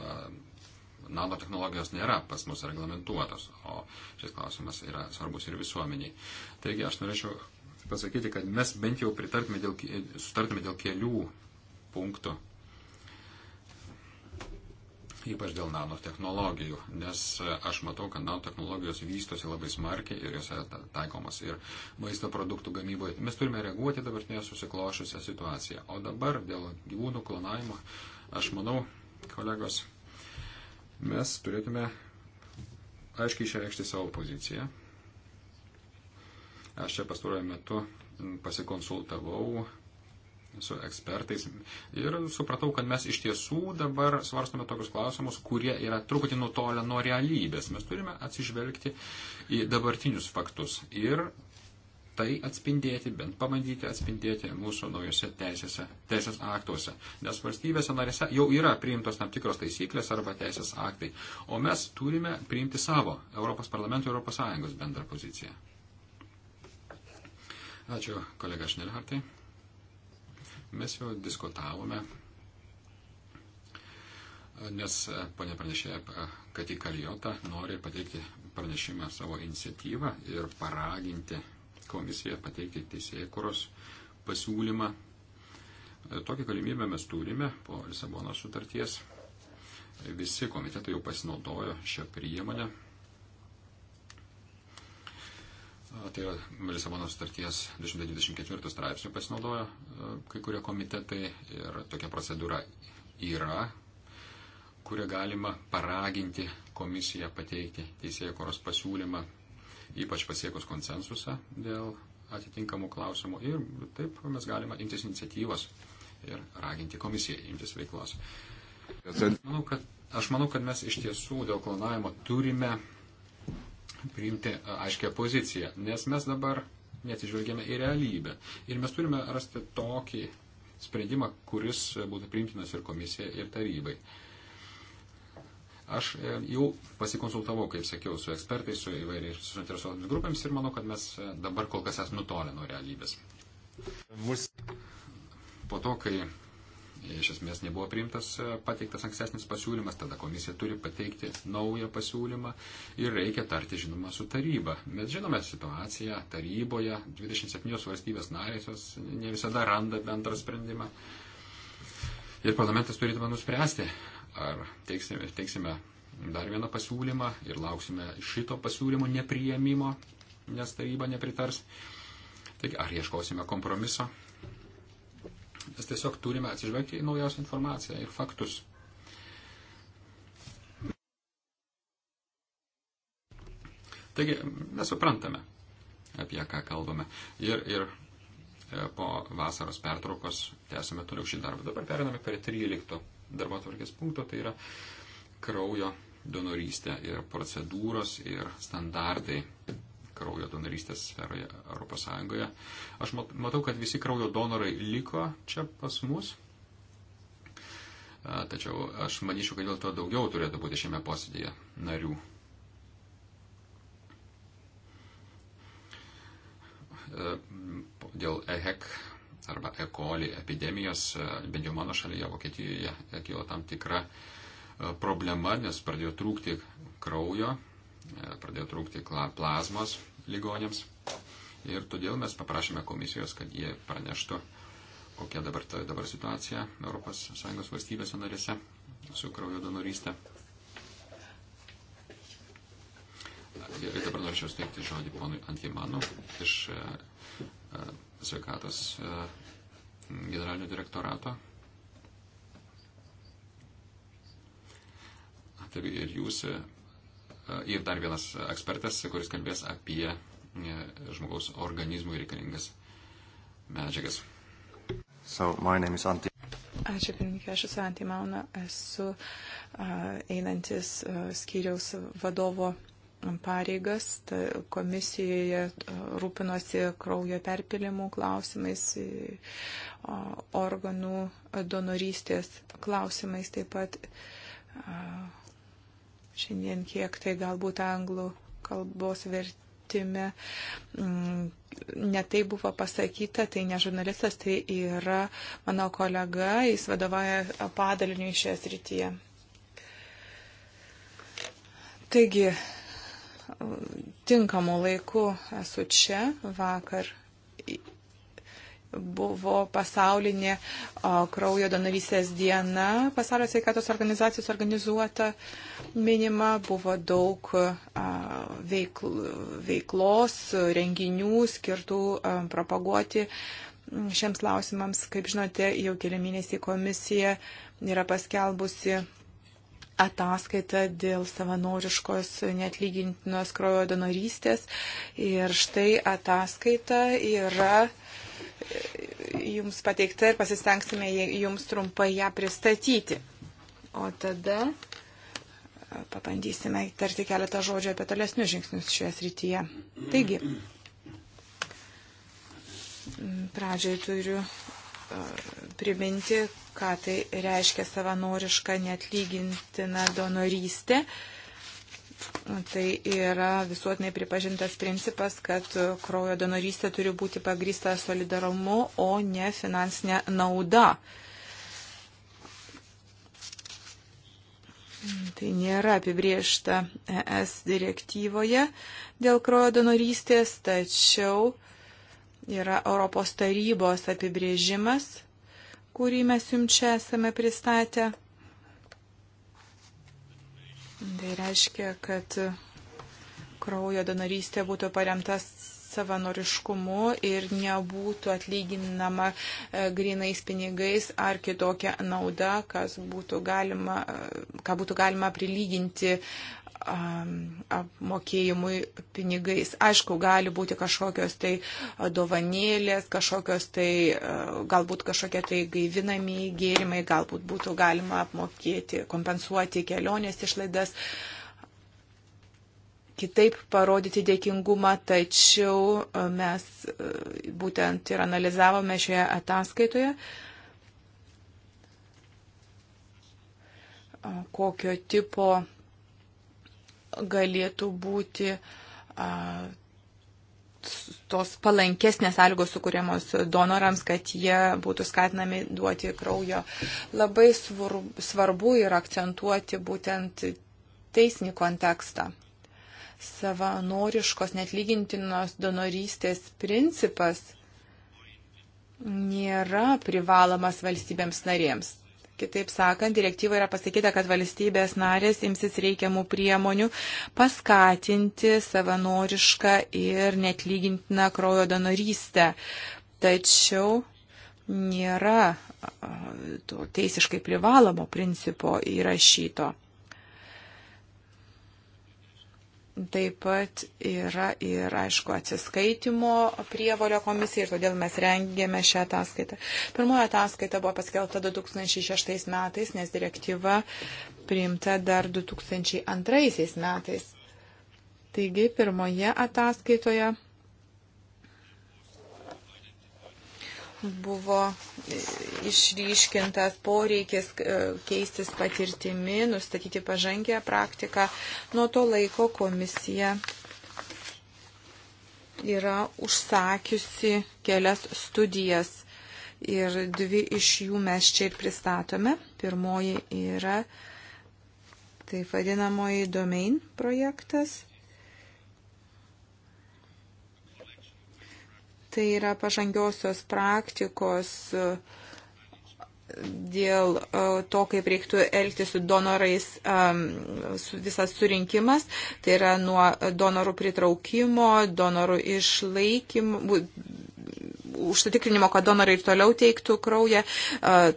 nanotehnologijos nėra pas mus reglamentuotos, o šis klausimas yra svarbus ir visuomeniai. Taigi aš norėčiau pasakyti, kad mes bent jau pritartume dėl, sutartume dėl kelių punktų ypač dėl nanotehnologijų, nes e, aš matau, kad nanotehnologijos vystosi labai smarkiai ir jos taikomas ir maisto produktų gamyboje. Mes turime reaguoti dabartinėje susiklošusią situaciją. O dabar dėl gyvūnų klonavimo, aš manau, kolegos, mes turėtume aiškiai išreikšti savo poziciją. Aš čia pastaruoju metu pasikonsultavau su ekspertais ir supratau, kad mes iš tiesų dabar svarstome tokius klausimus, kurie yra truputį nutolę nuo realybės. Mes turime atsižvelgti į dabartinius faktus ir tai atspindėti, bent pabandyti atspindėti mūsų naujose teisėse, teisės aktuose. Nes valstybėse narėse jau yra priimtos tam tikros taisyklės arba teisės aktai, o mes turime priimti savo Europos parlamento ir Europos Sąjungos bendrą poziciją. Ačiū, kolega Šnelhartai. Mes jau diskutavome, nes ponė pranešėja, kad į Kalijotą nori pateikti pranešimą savo iniciatyvą ir paraginti komisiją pateikti teisėkuros pasiūlymą. Tokią galimybę mes turime po Lisabono sutarties. Visi komitetai jau pasinaudojo šią priemonę tai yra Lisabonos sutarties 224 straipsnių pasinaudojo e, kai kurie komitetai ir tokia procedūra yra, kurią galima paraginti komisiją pateikti teisėjų koros pasiūlymą, ypač pasiekus konsensusą dėl atitinkamų klausimų ir taip mes galime imtis iniciatyvos ir raginti komisiją imtis veiklos. Manau, kad, aš manau, kad mes iš tiesų dėl klonavimo turime priimti e, aiškę poziciją, nes mes dabar neatsižvelgiame į realybę. Ir mes turime rasti tokį sprendimą, kuris būtų priimtinas ir komisija, ir tarybai. Aš e, jau pasikonsultavau, kaip sakiau, su ekspertais, su įvairiais suinteresuotomis grupėmis ir manau, kad mes e, dabar kol kas esame nutolę nuo realybės. Po to, kai iš esmės nebuvo priimtas e, pateiktas ankstesnis pasiūlymas, tada komisija turi pateikti naują pasiūlymą ir reikia tarti, žinoma, su taryba. Mes žinome situaciją taryboje, 27 valstybės narės jos ne visada randa bendrą sprendimą. Ir parlamentas turėtume nuspręsti, ar teiksime, teiksime dar vieną pasiūlymą ir lauksime šito pasiūlymo nepriėmimo, nes taryba nepritars. Taigi, ar ieškosime kompromiso, Mes tiesiog turime atsižvelgti į naujausią informaciją ir faktus. Taigi mes suprantame, apie ką kalbame. Ir, ir e, po vasaros pertraukos tęsime toliau šį darbą. Dabar periname prie 13 darbo atvarkės punkto, tai yra kraujo donorystė ir procedūros ir standartai kraujo donorystės sferoje ES. Aš matau, kad visi kraujo donorai liko čia pas mus. Tačiau aš manyčiau, kad dėl to daugiau turėtų būti šiame posėdėje narių. Dėl EHEC arba ekoli epidemijos, bent jau mano šalyje, Vokietijoje, e, kilo tam tikra problema, nes pradėjo trūkti kraujo, pradėjo trūkti plazmos ligonėms. Ir todėl mes paprašėme komisijos, kad jie praneštų, kokia dabar, ta, dabar situacija ES valstybėse narėse su kraujo donorystė. Ir dabar norėčiau steigti žodį ponui Antimanu iš e, e, sveikatos e, generalinio direktorato. Ir jūs E, ir dar vienas ekspertas, kuris kalbės apie e, žmogaus organizmui reikalingas medžiagas. So, Ačiū, pirmininkė, aš esu Antė Mauna, esu uh, einantis uh, skyriaus vadovo pareigas, ta, komisijoje rūpinosi kraujo perpilimų klausimais, organų donorystės klausimais taip pat. Uh, šiandien, kiek tai galbūt anglų kalbos vertime. Mm, Netai buvo pasakyta, tai ne žurnalistas, tai yra mano kolega, jis vadovauja padaliniui šioje srityje. Taigi, tinkamu laiku esu čia vakar buvo pasaulinė o, kraujo donorystės diena, pasaulio sveikatos organizacijos organizuota minima, buvo daug a, veikl, veiklos, renginių skirtų a, propaguoti šiems klausimams. Kaip žinote, jau keli mėnesiai komisija yra paskelbusi ataskaita dėl savanoriškos netlygintinos kraujo donorystės. Ir štai ataskaita yra uh, jums pateikta ir pasistengsime jums trumpai ją pristatyti. O tada pabandysime tarti keletą žodžių apie tolesnius žingsnius šioje srityje. Taigi, pradžiai turiu priminti, ką tai reiškia savanoriška netlygintina donorystė. Uh, Tai yra visuotinai pripažintas principas, kad kraujo donorystė turi būti pagrįsta solidarumu, o ne finansinė nauda. Tai nėra apibriešta ES direktyvoje dėl kraujo donorystės, tačiau yra Europos tarybos apibrėžimas, kurį mes jums čia esame pristatę. Tai reiškia, kad kraujo donorystė būtų paremtas savanoriškumu ir nebūtų atlyginama e, grinais pinigais ar kitokia nauda, būtų galima, e, ką būtų galima prilyginti apmokėjimui pinigais. Aišku, gali būti kažkokios tai dovanėlės, kažkokios tai, e, galbūt kažkokie tai gaivinamieji gėrimai, galbūt būtų galima apmokėti, kompensuoti kelionės išlaidas, kitaip parodyti dėkingumą, tačiau e, mes e, būtent ir analizavome šioje ataskaitoje. kokio tipo galėtų būti a, tos palankesnės sąlygos sukūriamos donorams, kad jie būtų skatinami duoti kraujo. Labai svarbu yra akcentuoti būtent teisinį kontekstą. Savanoriškos netlygintinos donorystės principas nėra privalomas valstybėms narėms. Kitaip sakant, direktyva yra pasakyta, kad valstybės narės imsis reikiamų priemonių paskatinti savanorišką ir netlygintiną kraujo donorystę. Tačiau nėra to teisiškai privalomo principo įrašyto. Taip pat yra ir, aišku, atsiskaitimo prievolio komisija ir todėl mes rengėme šią ataskaitą. Pirmoji ataskaita buvo paskelbta 2006 metais, nes direktyva priimta dar 2002 metais. Taigi pirmoje ataskaitoje buvo e, išryškintas poreikis e, keistis patirtimi, nustatyti pažangę praktiką. Nuo to laiko komisija yra užsakiusi kelias studijas ir dvi iš jų mes čia ir pristatome. Pirmoji yra taip vadinamoji domain projektas Tai yra pažangiosios praktikos e, dėl e, to, kaip reiktų elgti su donorais e, su visas surinkimas, tai yra nuo donorų pritraukimo, donorų išlaikymo, užsitikrinimo, kad donorai ir toliau teiktų kraują,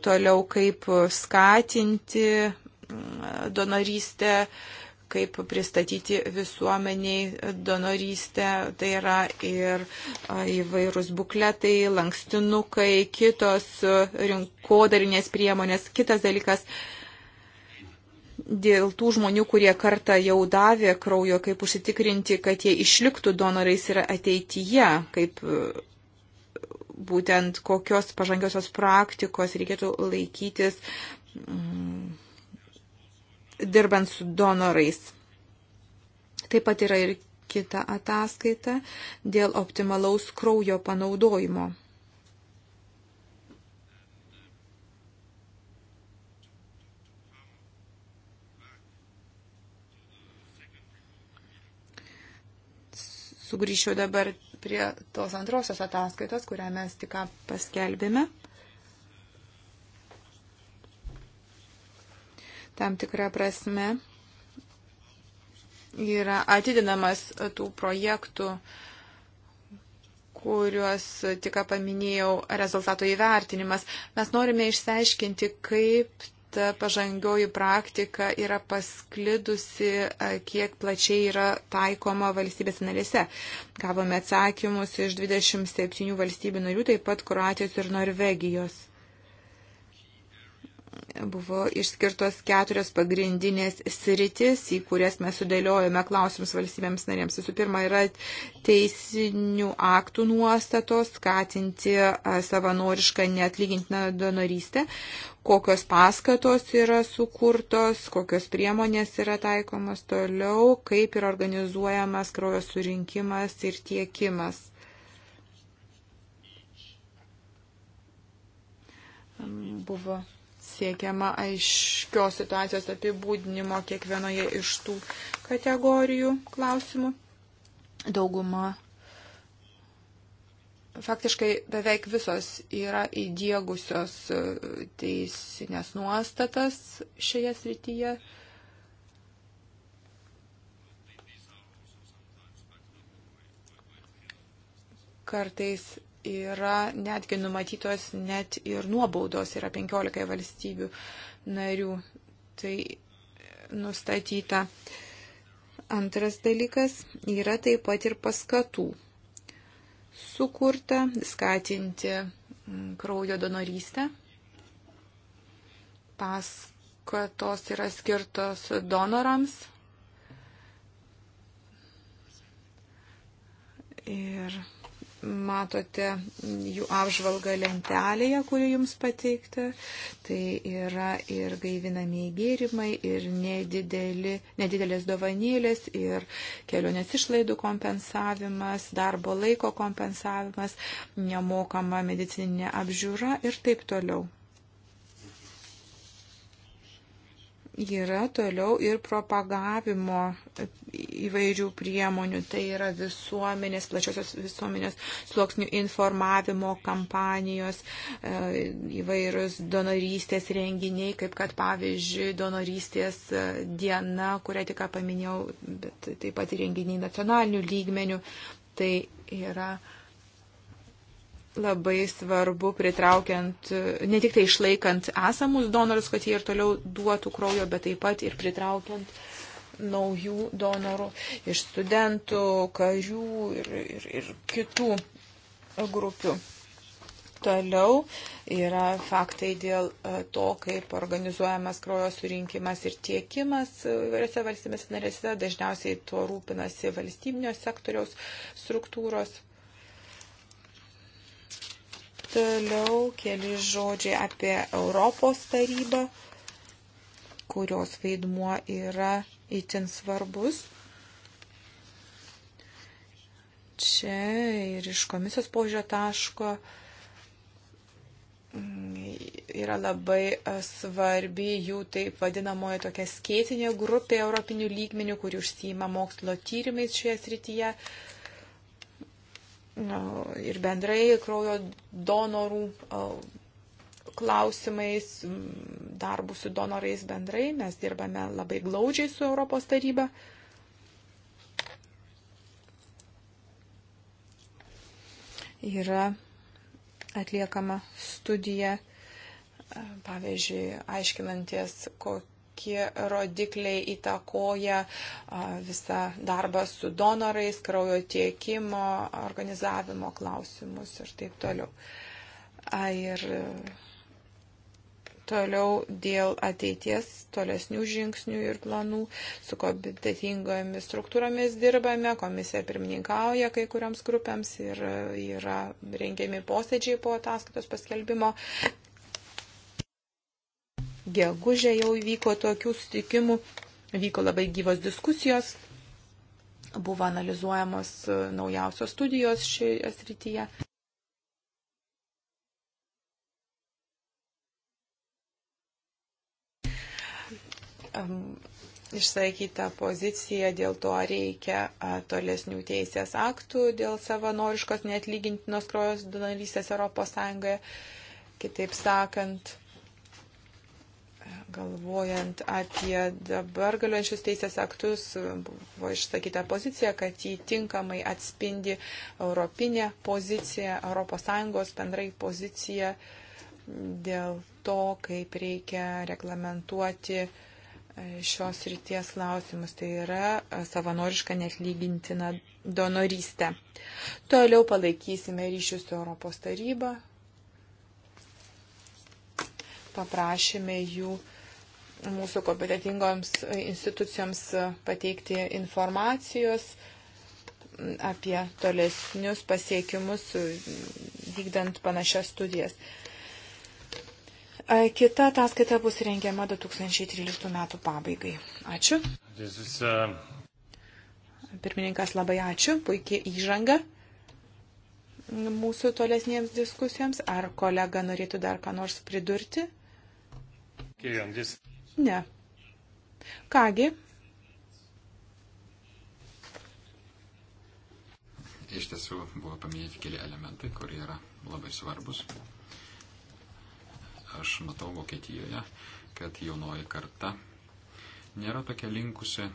toliau kaip skatinti mm, donorystę kaip pristatyti visuomeniai donorystę. Tai yra ir įvairūs bukletai, lankstinukai, kitos rinkodarinės priemonės. Kitas dalykas dėl tų žmonių, kurie kartą jau davė kraujo, kaip užsitikrinti, kad jie išliktų donorais ir ateityje, kaip būtent kokios pažangiosios praktikos reikėtų laikytis mm, dirbant su donorais. Taip pat yra ir kita ataskaita dėl optimalaus kraujo panaudojimo. Sugryšiau dabar prie tos antrosios ataskaitos, kurią mes tik paskelbėme. tam tikrą prasme yra atidinamas tų projektų, kuriuos tik paminėjau, rezultato įvertinimas. Mes norime išsiaiškinti, kaip ta pažangioji praktika yra pasklidusi, kiek plačiai yra taikoma valstybės narėse. Gavome atsakymus iš 27 valstybių narių, taip pat Kroatijos ir Norvegijos buvo išskirtos keturios pagrindinės sritis, į kurias mes sudėliojame klausimus valstybėms narėms. Visų pirma, yra teisinių aktų nuostatos, skatinti savanorišką neatlygintiną donorystę, kokios paskatos yra sukurtos, kokios priemonės yra taikomos toliau, kaip yra organizuojamas kraujo surinkimas ir tiekimas. buvo siekiama aiškios situacijos apibūdinimo kiekvienoje iš tų kategorijų klausimų. Dauguma, faktiškai beveik visos yra įdiegusios teisinės nuostatas šioje srityje. Kartais yra netgi numatytos net ir nuobaudos, yra 15 valstybių narių. Tai nustatyta. Antras dalykas yra taip pat ir paskatų sukurta skatinti mm, kraujo donorystę. Paskatos yra skirtos donorams. Ir matote jų apžvalgą lentelėje, kuri jums pateikta. Tai yra ir gaivinamieji gėrimai, ir nedideli, nedidelės dovanėlės, ir kelionės išlaidų kompensavimas, darbo laiko kompensavimas, nemokama medicininė apžiūra ir taip toliau. yra toliau ir propagavimo įvairių priemonių, tai yra visuomenės, plačiosios visuomenės sluoksnių informavimo kampanijos, e, įvairius donorystės renginiai, kaip kad pavyzdžiui donorystės e, diena, kurią tik paminėjau, bet taip pat renginiai nacionalinių lygmenių. Tai yra uh, labai svarbu pritraukiant, ne tik tai išlaikant esamus donorus, kad jie ir toliau duotų kraujo, bet taip pat ir pritraukiant naujų donorų iš studentų, karių ir, ir, ir kitų grupių. Toliau yra faktai dėl e, to, kaip organizuojamas kraujo surinkimas ir tiekimas e, įvairiose valstybės narėse. Dažniausiai tuo rūpinasi valstybinio sektoriaus struktūros Toliau keli žodžiai apie Europos tarybą, kurios vaidmuo yra itin svarbus. Čia ir iš komisijos požiūrio taško mm, yra labai e, svarbi jų taip vadinamoji tokia skėtinė grupė europinių lygmenių, kuri užsima mokslo tyrimais šioje srityje. Uh, ir bendrai kraujo donorų klausimais, darbų su donorais bendrai. Mes dirbame labai glaudžiai su Europos taryba. Yra atliekama studija, pavyzdžiui, aiškinanties, kokia kokie rodikliai įtakoja visą darbą su donorais, kraujo tiekimo, organizavimo klausimus ir taip toliau. A, ir e, toliau dėl ateities tolesnių žingsnių ir planų. Su kompetitingomis struktūromis dirbame, komisija pirmininkauja kai kuriams grupėms ir e, yra rengiami posėdžiai po ataskaitos paskelbimo gegužė jau įvyko tokių sutikimų, vyko labai gyvos diskusijos, buvo analizuojamos e, naujausios studijos šioje srityje. Um, išsakyta pozicija dėl to, ar reikia tolesnių teisės aktų dėl savanoriškos neatlygintinos kraujo donorystės ES. Kitaip sakant, Galvojant apie dabar galiojančius teisės aktus, buvo išsakyta pozicija, kad jį tinkamai atspindi europinė pozicija, ES bendrai pozicija dėl to, kaip reikia reglamentuoti šios ryties klausimus. Tai yra savanoriška netlygintina donorystė. Toliau palaikysime ryšius su Europos taryba, paprašėme jų mūsų kompetitingoms institucijoms pateikti informacijos apie tolesnius pasiekimus vykdant panašias studijas. Kita ataskaita bus rengiama 2013 metų pabaigai. Ačiū. Is, uh... Pirmininkas labai ačiū, puikiai įžanga mūsų tolesniems diskusijoms. Ar kolega norėtų dar ką nors pridurti? Ne. Kągi. Iš tiesų buvo paminėti keli elementai, kurie yra labai svarbus. Aš matau Vokietijoje, kad jaunoji karta nėra tokia linkusi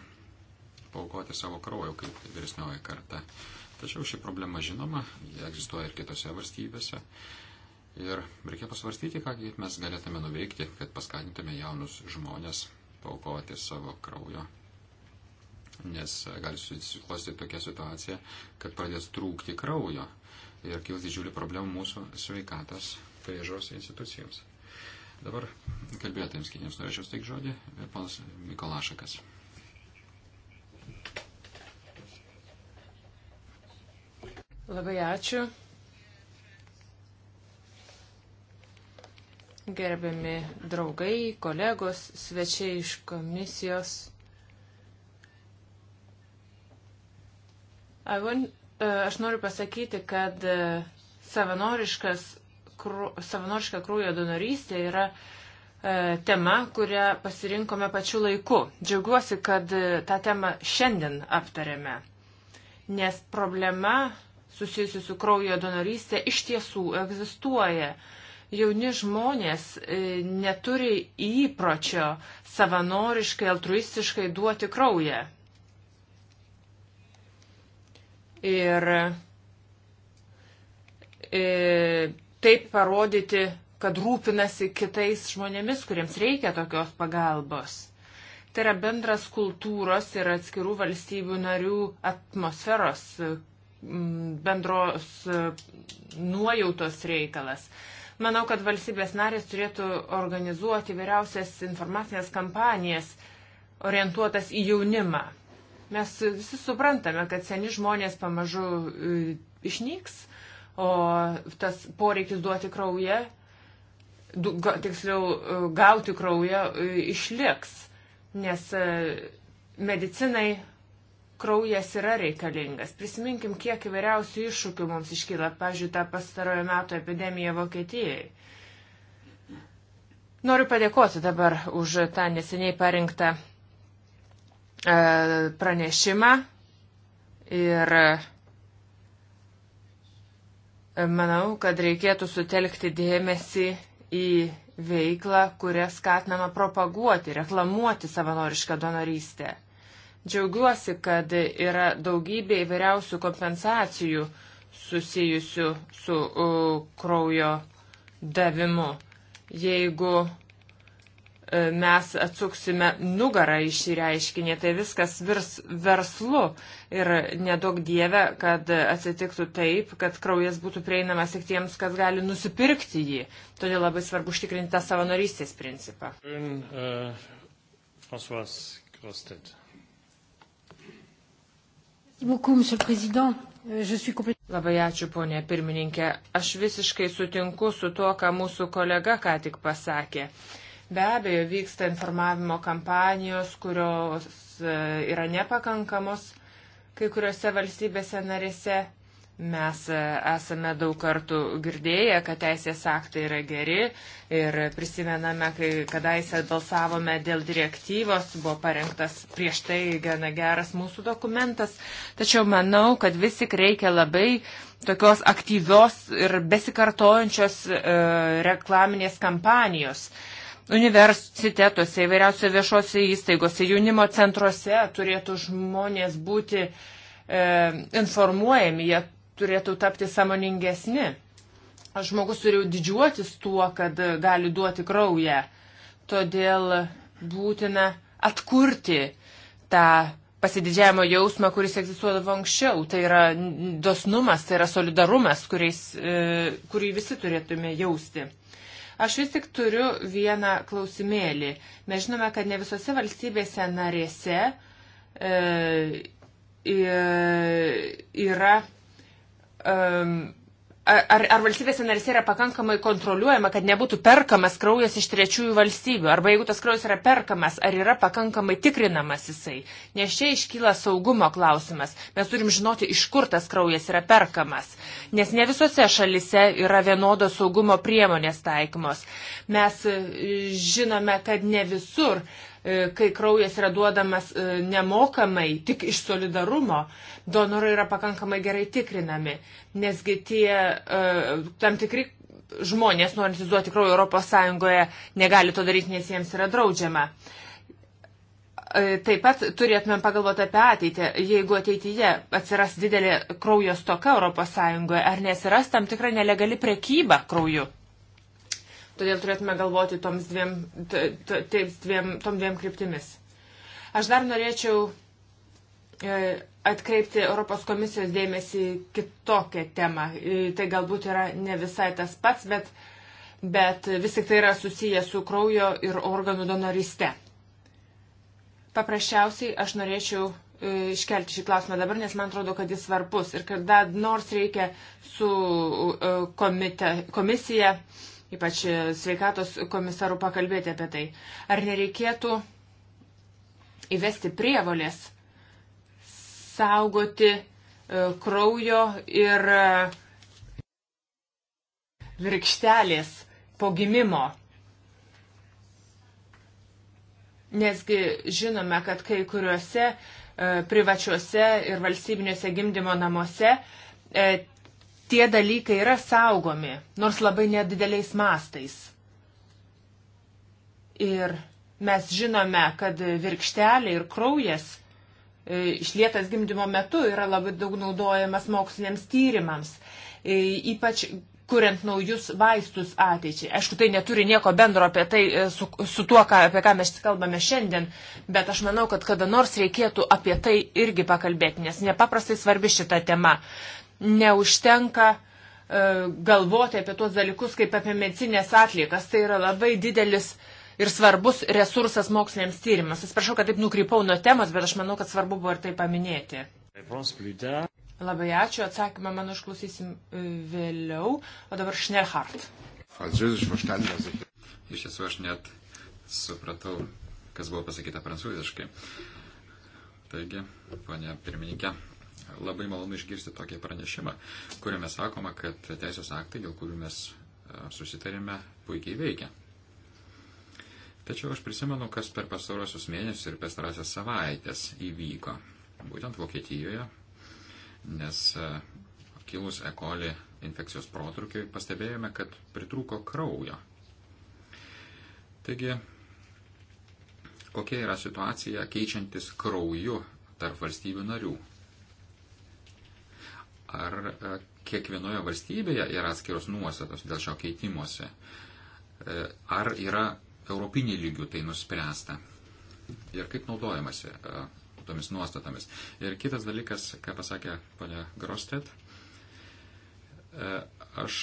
paukoti savo kraujo kaip vyresnioji karta. Tačiau ši problema žinoma, egzistuoja ir kitose valstybėse. Ir reikia pasvarstyti, ką mes galėtume nuveikti, kad paskatintume jaunus žmonės paukoti savo kraujo. Nes gali susiklosti tokia situacija, kad pradės trūkti kraujo ir kils didžiulį problemą mūsų sveikatos priežos institucijoms. Dabar kalbėtojams kitiems norėčiau steik žodį, panas Mikolašakas. Labai ačiū. gerbiami draugai, kolegos, svečiai iš komisijos. Want, e, aš noriu pasakyti, kad e, savanoriška krūjo donorystė yra e, tema, kurią pasirinkome pačiu laiku. Džiaugiuosi, kad tą temą šiandien aptarėme, nes problema susijusi su kraujo donorystė iš tiesų egzistuoja. Jauni žmonės e, neturi įpročio savanoriškai, altruistiškai duoti kraują. Ir e, taip parodyti, kad rūpinasi kitais žmonėmis, kuriems reikia tokios pagalbos. Tai yra bendras kultūros ir atskirų valstybių narių atmosferos, bendros e, nuojautos reikalas. Manau, kad valstybės narės turėtų organizuoti vyriausias informacinės kampanijas orientuotas į jaunimą. Mes visi suprantame, kad seni žmonės pamažu e, išnyks, o tas poreikis duoti kraują, du, ga, tiksliau e, gauti kraują, e, išliks, nes medicinai kraujas yra reikalingas. Prisiminkim, kiek įvairiausių iššūkių mums iškyla, pavyzdžiui, tą pastarojo metų epidemiją Vokietijai. Noriu padėkoti dabar už tą neseniai parinktą e, pranešimą ir e, manau, kad reikėtų sutelkti dėmesį į veiklą, kurią skatinama propaguoti, reklamuoti savanorišką donorystę. Džiaugiuosi, kad yra daugybė įvairiausių kompensacijų susijusių su uh, kraujo davimu. Jeigu uh, mes atsuksime nugarą į šį reiškinį, tai viskas virs verslu ir nedaug dievę, kad atsitiktų taip, kad kraujas būtų prieinamas tik tiems, kas gali nusipirkti jį. Todėl labai svarbu užtikrinti tą savanorystės principą. Un, uh, äh, François Grostet. Euh, Labai ačiū, ponė pirmininkė. Aš visiškai sutinku su tuo, ką mūsų kolega ką tik pasakė. Be abejo, vyksta informavimo kampanijos, kurios e, yra nepakankamos kai kuriuose valstybėse narėse Mes e, esame daug kartų girdėję, kad teisės aktai yra geri ir prisimename, kai kadaise balsavome dėl direktyvos, buvo parengtas prieš tai gana geras mūsų dokumentas. Tačiau manau, kad vis tik reikia labai tokios aktyvios ir besikartojančios e, reklaminės kampanijos. Universitetuose, įvairiausiose viešose įstaigose, jaunimo centruose turėtų žmonės būti e, informuojami, jie turėtų tapti samoningesni. Žmogus turi didžiuotis tuo, kad gali duoti kraują. Todėl būtina atkurti tą pasididžiavimo jausmą, kuris egzistuodavo anksčiau. Tai yra dosnumas, tai yra solidarumas, kuriais, e, kurį visi turėtume jausti. Aš vis tik turiu vieną klausimėlį. Mes žinome, kad ne visose valstybėse narėse e, yra um, ar, ar valstybėse narėse yra pakankamai kontroliuojama, kad nebūtų perkamas kraujas iš trečiųjų valstybių, arba jeigu tas kraujas yra perkamas, ar yra pakankamai tikrinamas jisai, nes čia iškyla saugumo klausimas. Mes turim žinoti, iš kur tas kraujas yra perkamas, nes ne visose šalise yra vienodo saugumo priemonės taikomos. Mes e, žinome, kad ne visur uh, E, kai kraujas yra duodamas e, nemokamai, tik iš solidarumo, donorai yra pakankamai gerai tikrinami, nesgi tie e, tam tikri žmonės, norintys duoti kraujo Europos Sąjungoje, negali to daryti, nes jiems yra draudžiama. Taip pat turėtumėm pagalvoti apie ateitį. Jeigu ateityje atsiras didelė kraujo stoka Europos Sąjungoje, ar nesiras tam tikra nelegali prekyba krauju? Todėl turėtume galvoti toms dviem, t, t, t, dviem, tom dviem kryptimis. Aš dar norėčiau e, atkreipti Europos komisijos dėmesį kitokią temą. E, tai galbūt yra ne visai tas pats, bet, bet vis tik tai yra susiję su kraujo ir organų donoriste. Paprasčiausiai aš norėčiau e, iškelti šį klausimą dabar, nes man atrodo, kad jis svarbus ir kad nors reikia su e, komite, komisija uh, ypač sveikatos komisarų, pakalbėti apie tai. Ar nereikėtų įvesti prievolės saugoti e, kraujo ir e, virkštelės po gimimo. Nesgi žinome, kad kai kuriuose e, privačiuose ir valstybiniuose gimdymo namuose tie dalykai yra saugomi, nors labai nedideliais mastais. Ir mes žinome, kad virkštelė ir kraujas e, išlietas gimdymo metu yra labai daug naudojamas moksliniams tyrimams, e, ypač kuriant naujus vaistus ateičiai. Aišku, tai neturi nieko bendro apie tai, e, su, su tuo, ką, apie ką mes kalbame šiandien, bet aš manau, kad kada nors reikėtų apie tai irgi pakalbėti, nes nepaprastai svarbi šita tema neužtenka e, galvoti apie tuos dalykus kaip apie medicinės atliekas. Tai yra labai didelis ir svarbus resursas moksliniams tyrimams. Atsiprašau, kad taip nukrypau nuo temos, bet aš manau, kad svarbu buvo ir tai paminėti. Labai ačiū, atsakymą man užklausysim e, vėliau, o dabar Šnehart. Iš tiesų aš net supratau, kas buvo pasakyta prancūziškai. Taigi, ponia pirmininkė, Labai malonu išgirsti tokį pranešimą, kuriame sakoma, kad teisės aktai, dėl kurių mes e, susitarėme, puikiai veikia. Tačiau aš prisimenu, kas per pastarosius mėnesius ir pastarąsias savaitės įvyko. Būtent Vokietijoje, nes e, kilus ekoli infekcijos protrukiai pastebėjome, kad pritrūko kraujo. Taigi, kokia yra situacija keičiantis krauju tarp valstybių narių? ar e, kiekvienoje valstybėje yra atskiros nuostatos dėl šio keitimuose, ar yra europinį lygių tai nuspręsta ir kaip naudojamasi e, tomis nuostatomis. Ir kitas dalykas, ką pasakė ponia Grostet, e, aš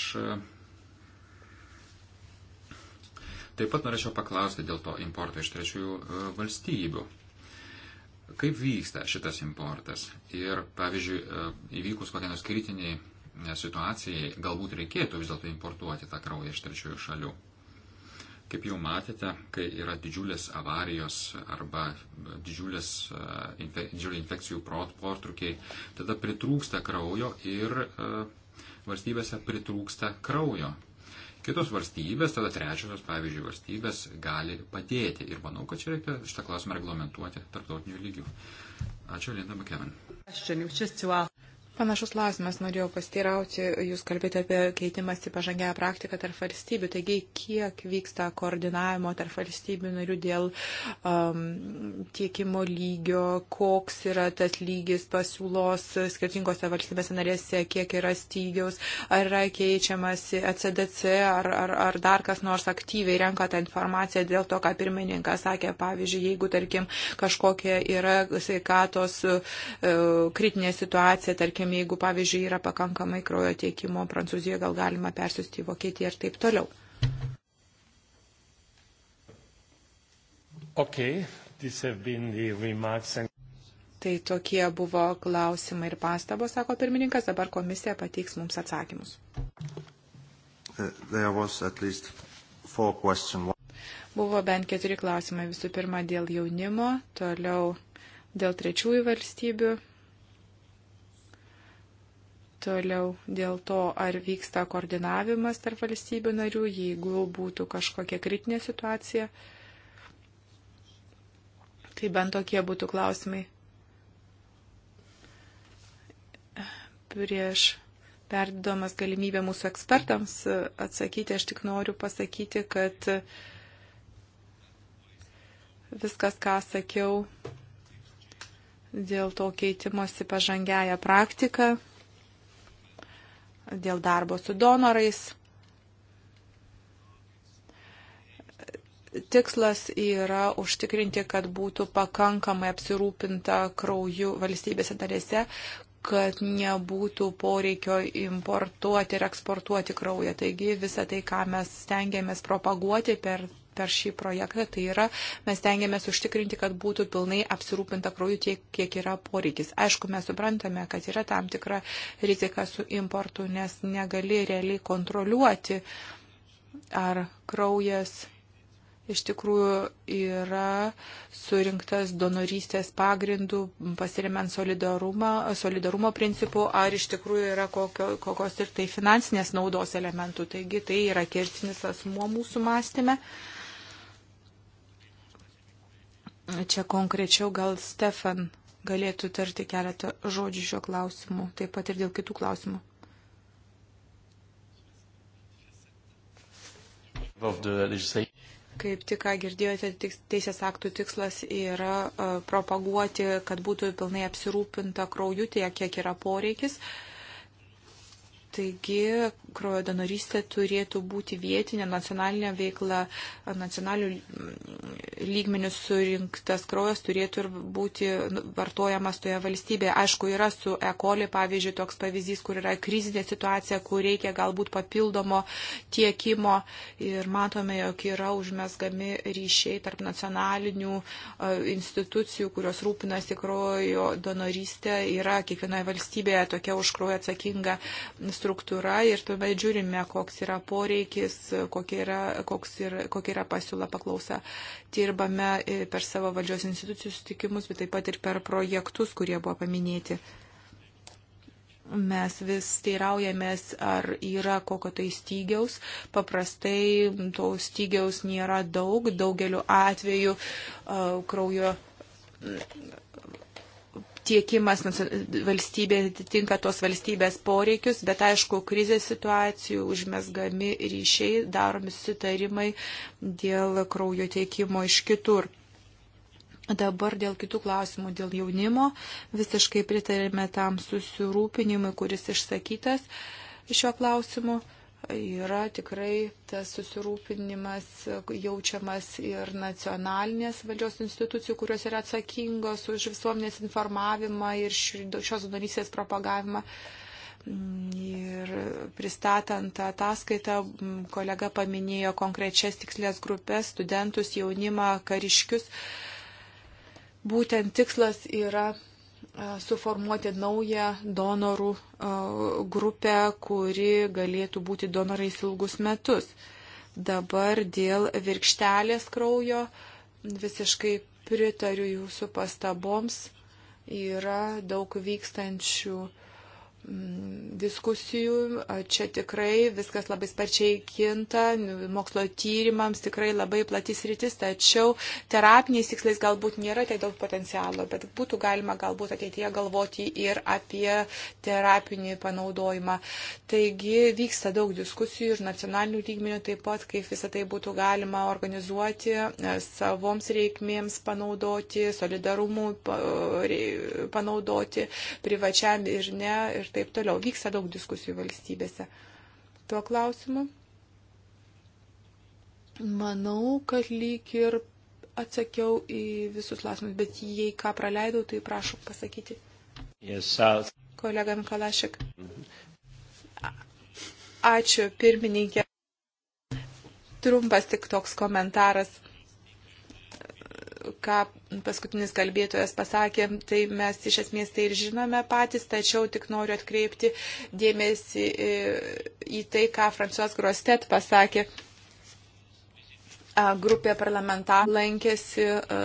taip pat norėčiau paklausti dėl to importo iš trečiųjų valstybių kaip vyksta šitas importas. Ir, pavyzdžiui, e, įvykus kokiai nors kritiniai e, situacijai, galbūt reikėtų vis dėlto importuoti tą kraują iš trečiųjų šalių. Kaip jau matėte, kai yra didžiulės avarijos arba didžiulės, e, infe, didžiulė infekcijų protrukiai, tada pritrūksta kraujo ir e, valstybėse pritrūksta kraujo Kitos valstybės, tada trečiosios, pavyzdžiui, valstybės gali padėti. Ir manau, kad čia reikia šitą klausimą reglamentuoti tarptautiniu lygiu. Ačiū, Linda McKevin. Panašus klausimas norėjau pastirauti, jūs kalbėjote apie keitimąsi pažangę praktiką tarp valstybių, taigi kiek vyksta koordinavimo tarp valstybių narių dėl um, tiekimo lygio, koks yra tas lygis pasiūlos skirtingose valstybėse narėse, kiek yra stygiaus, ar yra keičiamasi ACDC, ar, ar, ar dar kas nors aktyviai renka tą informaciją dėl to, ką pirmininkas sakė, pavyzdžiui, jeigu, tarkim, kažkokia yra sveikatos uh, kritinė situacija, tarkim, sakėme, jeigu, pavyzdžiui, yra pakankamai kraujo tiekimo Prancūzijoje, gal galima persiųsti į Vokietiją ir taip toliau. Okay. And... Tai tokie buvo klausimai ir pastabos, sako pirmininkas, dabar komisija pateiks mums atsakymus. Uh, buvo bent keturi klausimai, visų pirma dėl jaunimo, toliau dėl trečiųjų valstybių, Toliau dėl to, ar vyksta koordinavimas tarp valstybių narių, jeigu būtų kažkokia kritinė situacija. Tai bent tokie būtų klausimai. Prieš perdodamas galimybę mūsų ekspertams atsakyti, aš tik noriu pasakyti, kad viskas, ką sakiau dėl to keitimosi pažangiają praktiką, dėl darbo su donorais. Tikslas yra užtikrinti, kad būtų pakankamai apsirūpinta krauju valstybėse narėse, kad nebūtų poreikio importuoti ir eksportuoti kraują. Taigi visą tai, ką mes stengiamės propaguoti per per šį projektą, tai yra mes tengiamės užtikrinti, kad būtų pilnai apsirūpinta krauju tiek, kiek yra poreikis. Aišku, mes suprantame, kad yra tam tikra rizika su importu, nes negali realiai kontroliuoti, ar kraujas iš tikrųjų yra surinktas donorystės pagrindų, pasiremiant solidarumo principų, ar iš tikrųjų yra kokio, kokios ir tai finansinės naudos elementų. Taigi tai yra kertinis asmuo mūsų mąstymė. Uh, Čia konkrečiau gal Stefan galėtų tarti keletą žodžių šio klausimu, taip pat ir dėl kitų klausimų. Kaip tik ką girdėjote, teisės aktų tikslas yra e, propaguoti, kad būtų pilnai apsirūpinta krauju tiek, kiek yra poreikis. Uh, Taigi, kraujo donorystė turėtų būti vietinė nacionalinė veikla, nacionalinių lygmenių surinktas kraujas turėtų ir būti vartojamas toje valstybėje. Aišku, yra su ekoli, pavyzdžiui, toks pavyzdys, kur yra krizinė situacija, kur reikia galbūt papildomo tiekimo ir matome, jog yra užmesgami ryšiai tarp nacionalinių e, institucijų, kurios rūpinasi kraujo donorystė, yra kiekvienoje valstybėje tokia už kraują atsakinga struktūra ir tuomet žiūrime, koks yra poreikis, kokia yra, koks yra, kokia yra pasiūla paklausa. Dirbame e, per savo valdžios institucijų sutikimus, bet taip pat ir per projektus, kurie buvo paminėti. Mes vis teiraujamės, ar yra kokio tai stygiaus. Paprastai to stygiaus nėra daug. Daugeliu atveju uh, kraujo tiekimas valstybė atitinka tos valstybės poreikius, bet aišku, krizės situacijų užmesgami ryšiai, daromi susitarimai dėl kraujo tiekimo iš kitur. Dabar dėl kitų klausimų, dėl jaunimo, visiškai pritarėme tam susirūpinimui, kuris išsakytas šiuo klausimu yra tikrai tas susirūpinimas jaučiamas ir nacionalinės valdžios institucijų, kurios yra atsakingos už visuomenės informavimą ir šios donorystės propagavimą. Ir pristatant ataskaitą, kolega paminėjo konkrečias tikslės grupės, studentus, jaunimą, kariškius. Būtent tikslas yra suformuoti naują donorų grupę, kuri galėtų būti donorais ilgus metus. Dabar dėl virkštelės kraujo visiškai pritariu jūsų pastaboms. Yra daug vykstančių uh, Mm, diskusijų. Čia tikrai viskas labai sparčiai kinta, mokslo tyrimams tikrai labai platys rytis, tačiau terapiniais tikslais galbūt nėra tiek daug potencialo, bet būtų galima galbūt ateityje galvoti ir apie terapinį panaudojimą. Taigi vyksta daug diskusijų ir nacionalinių lygmenių taip pat, kaip visą tai būtų galima organizuoti, e, savoms reikmėms panaudoti, solidarumų panaudoti, privačiam ir ne. Ir taip toliau. Vyksta daug diskusijų valstybėse tuo klausimu. Manau, kad lyg ir atsakiau į visus klausimus, bet jei ką praleidau, tai prašau pasakyti. Yes, Kolega Mikalašek. Ačiū, pirmininkė. Trumpas tik toks komentaras ką paskutinis kalbėtojas pasakė, tai mes iš esmės tai ir žinome patys, tačiau tik noriu atkreipti dėmesį e, į tai, ką Francijos Grostet pasakė. Grupė parlamentarų lankėsi e,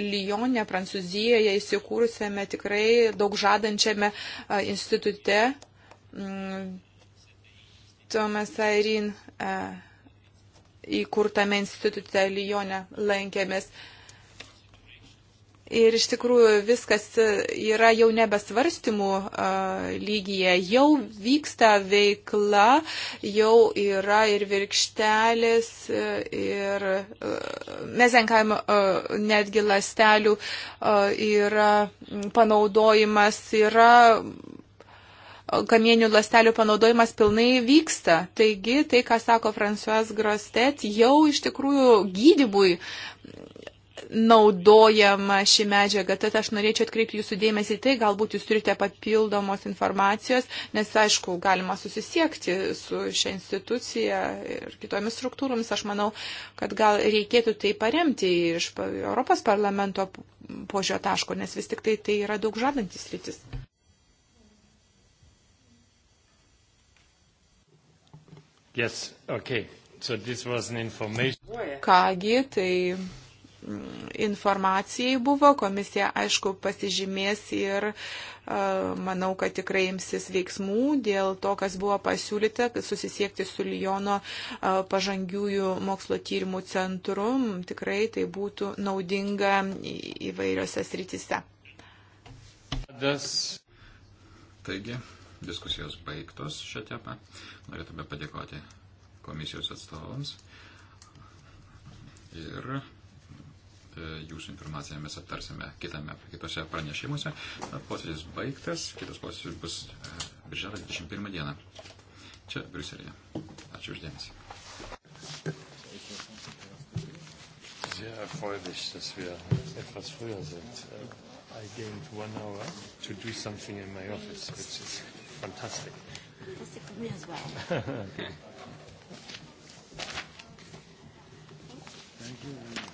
Lyonė, Prancūzijoje įsikūrusiame tikrai daug žadančiame e, institute. Mm, Tomas Airin įkurtame institute Lyonė lankėmės. Uh, Ir iš tikrųjų viskas yra jau nebesvarstymų lygyje, jau vyksta veikla, jau yra ir virkštelis, e, ir e, mezenkavimo e, netgi lastelių yra panaudojimas, yra kamieninių lastelių panaudojimas pilnai vyksta. Taigi tai, ką sako Fransuas Grostet, jau iš tikrųjų gydybui naudojama ši medžiaga. Tad aš norėčiau atkreipti jūsų dėmesį į tai, galbūt jūs turite papildomos informacijos, nes, aišku, galima susisiekti su šia institucija ir kitomis struktūromis. Aš manau, kad gal reikėtų tai paremti iš Europos parlamento požio taško, nes vis tik tai tai yra daug žadantis rytis. Yes, okay. so Kągi, tai informacijai buvo. Komisija, aišku, pasižymės ir e, manau, kad tikrai imsis veiksmų dėl to, kas buvo pasiūlyta, susisiekti su Lyono e, pažangiųjų mokslo tyrimų centru. Tikrai tai būtų naudinga įvairiose srityse. Taigi, diskusijos baigtos šią temą. Norėtume padėkoti komisijos atstovams. Ir E, jūsų informaciją mes aptarsime kitame, kitose pranešimuose. Posėdis baigtas, kitas posėdis bus e, birželio 21 dieną. Čia, Briuselėje. Ačiū uždėmesi. Sehr erfreulich, dass wir etwas früher sind. Äh, I gained one hour to do something in my office, which is fantastic. Fantastic for me as well. okay. [laughs] Thank you.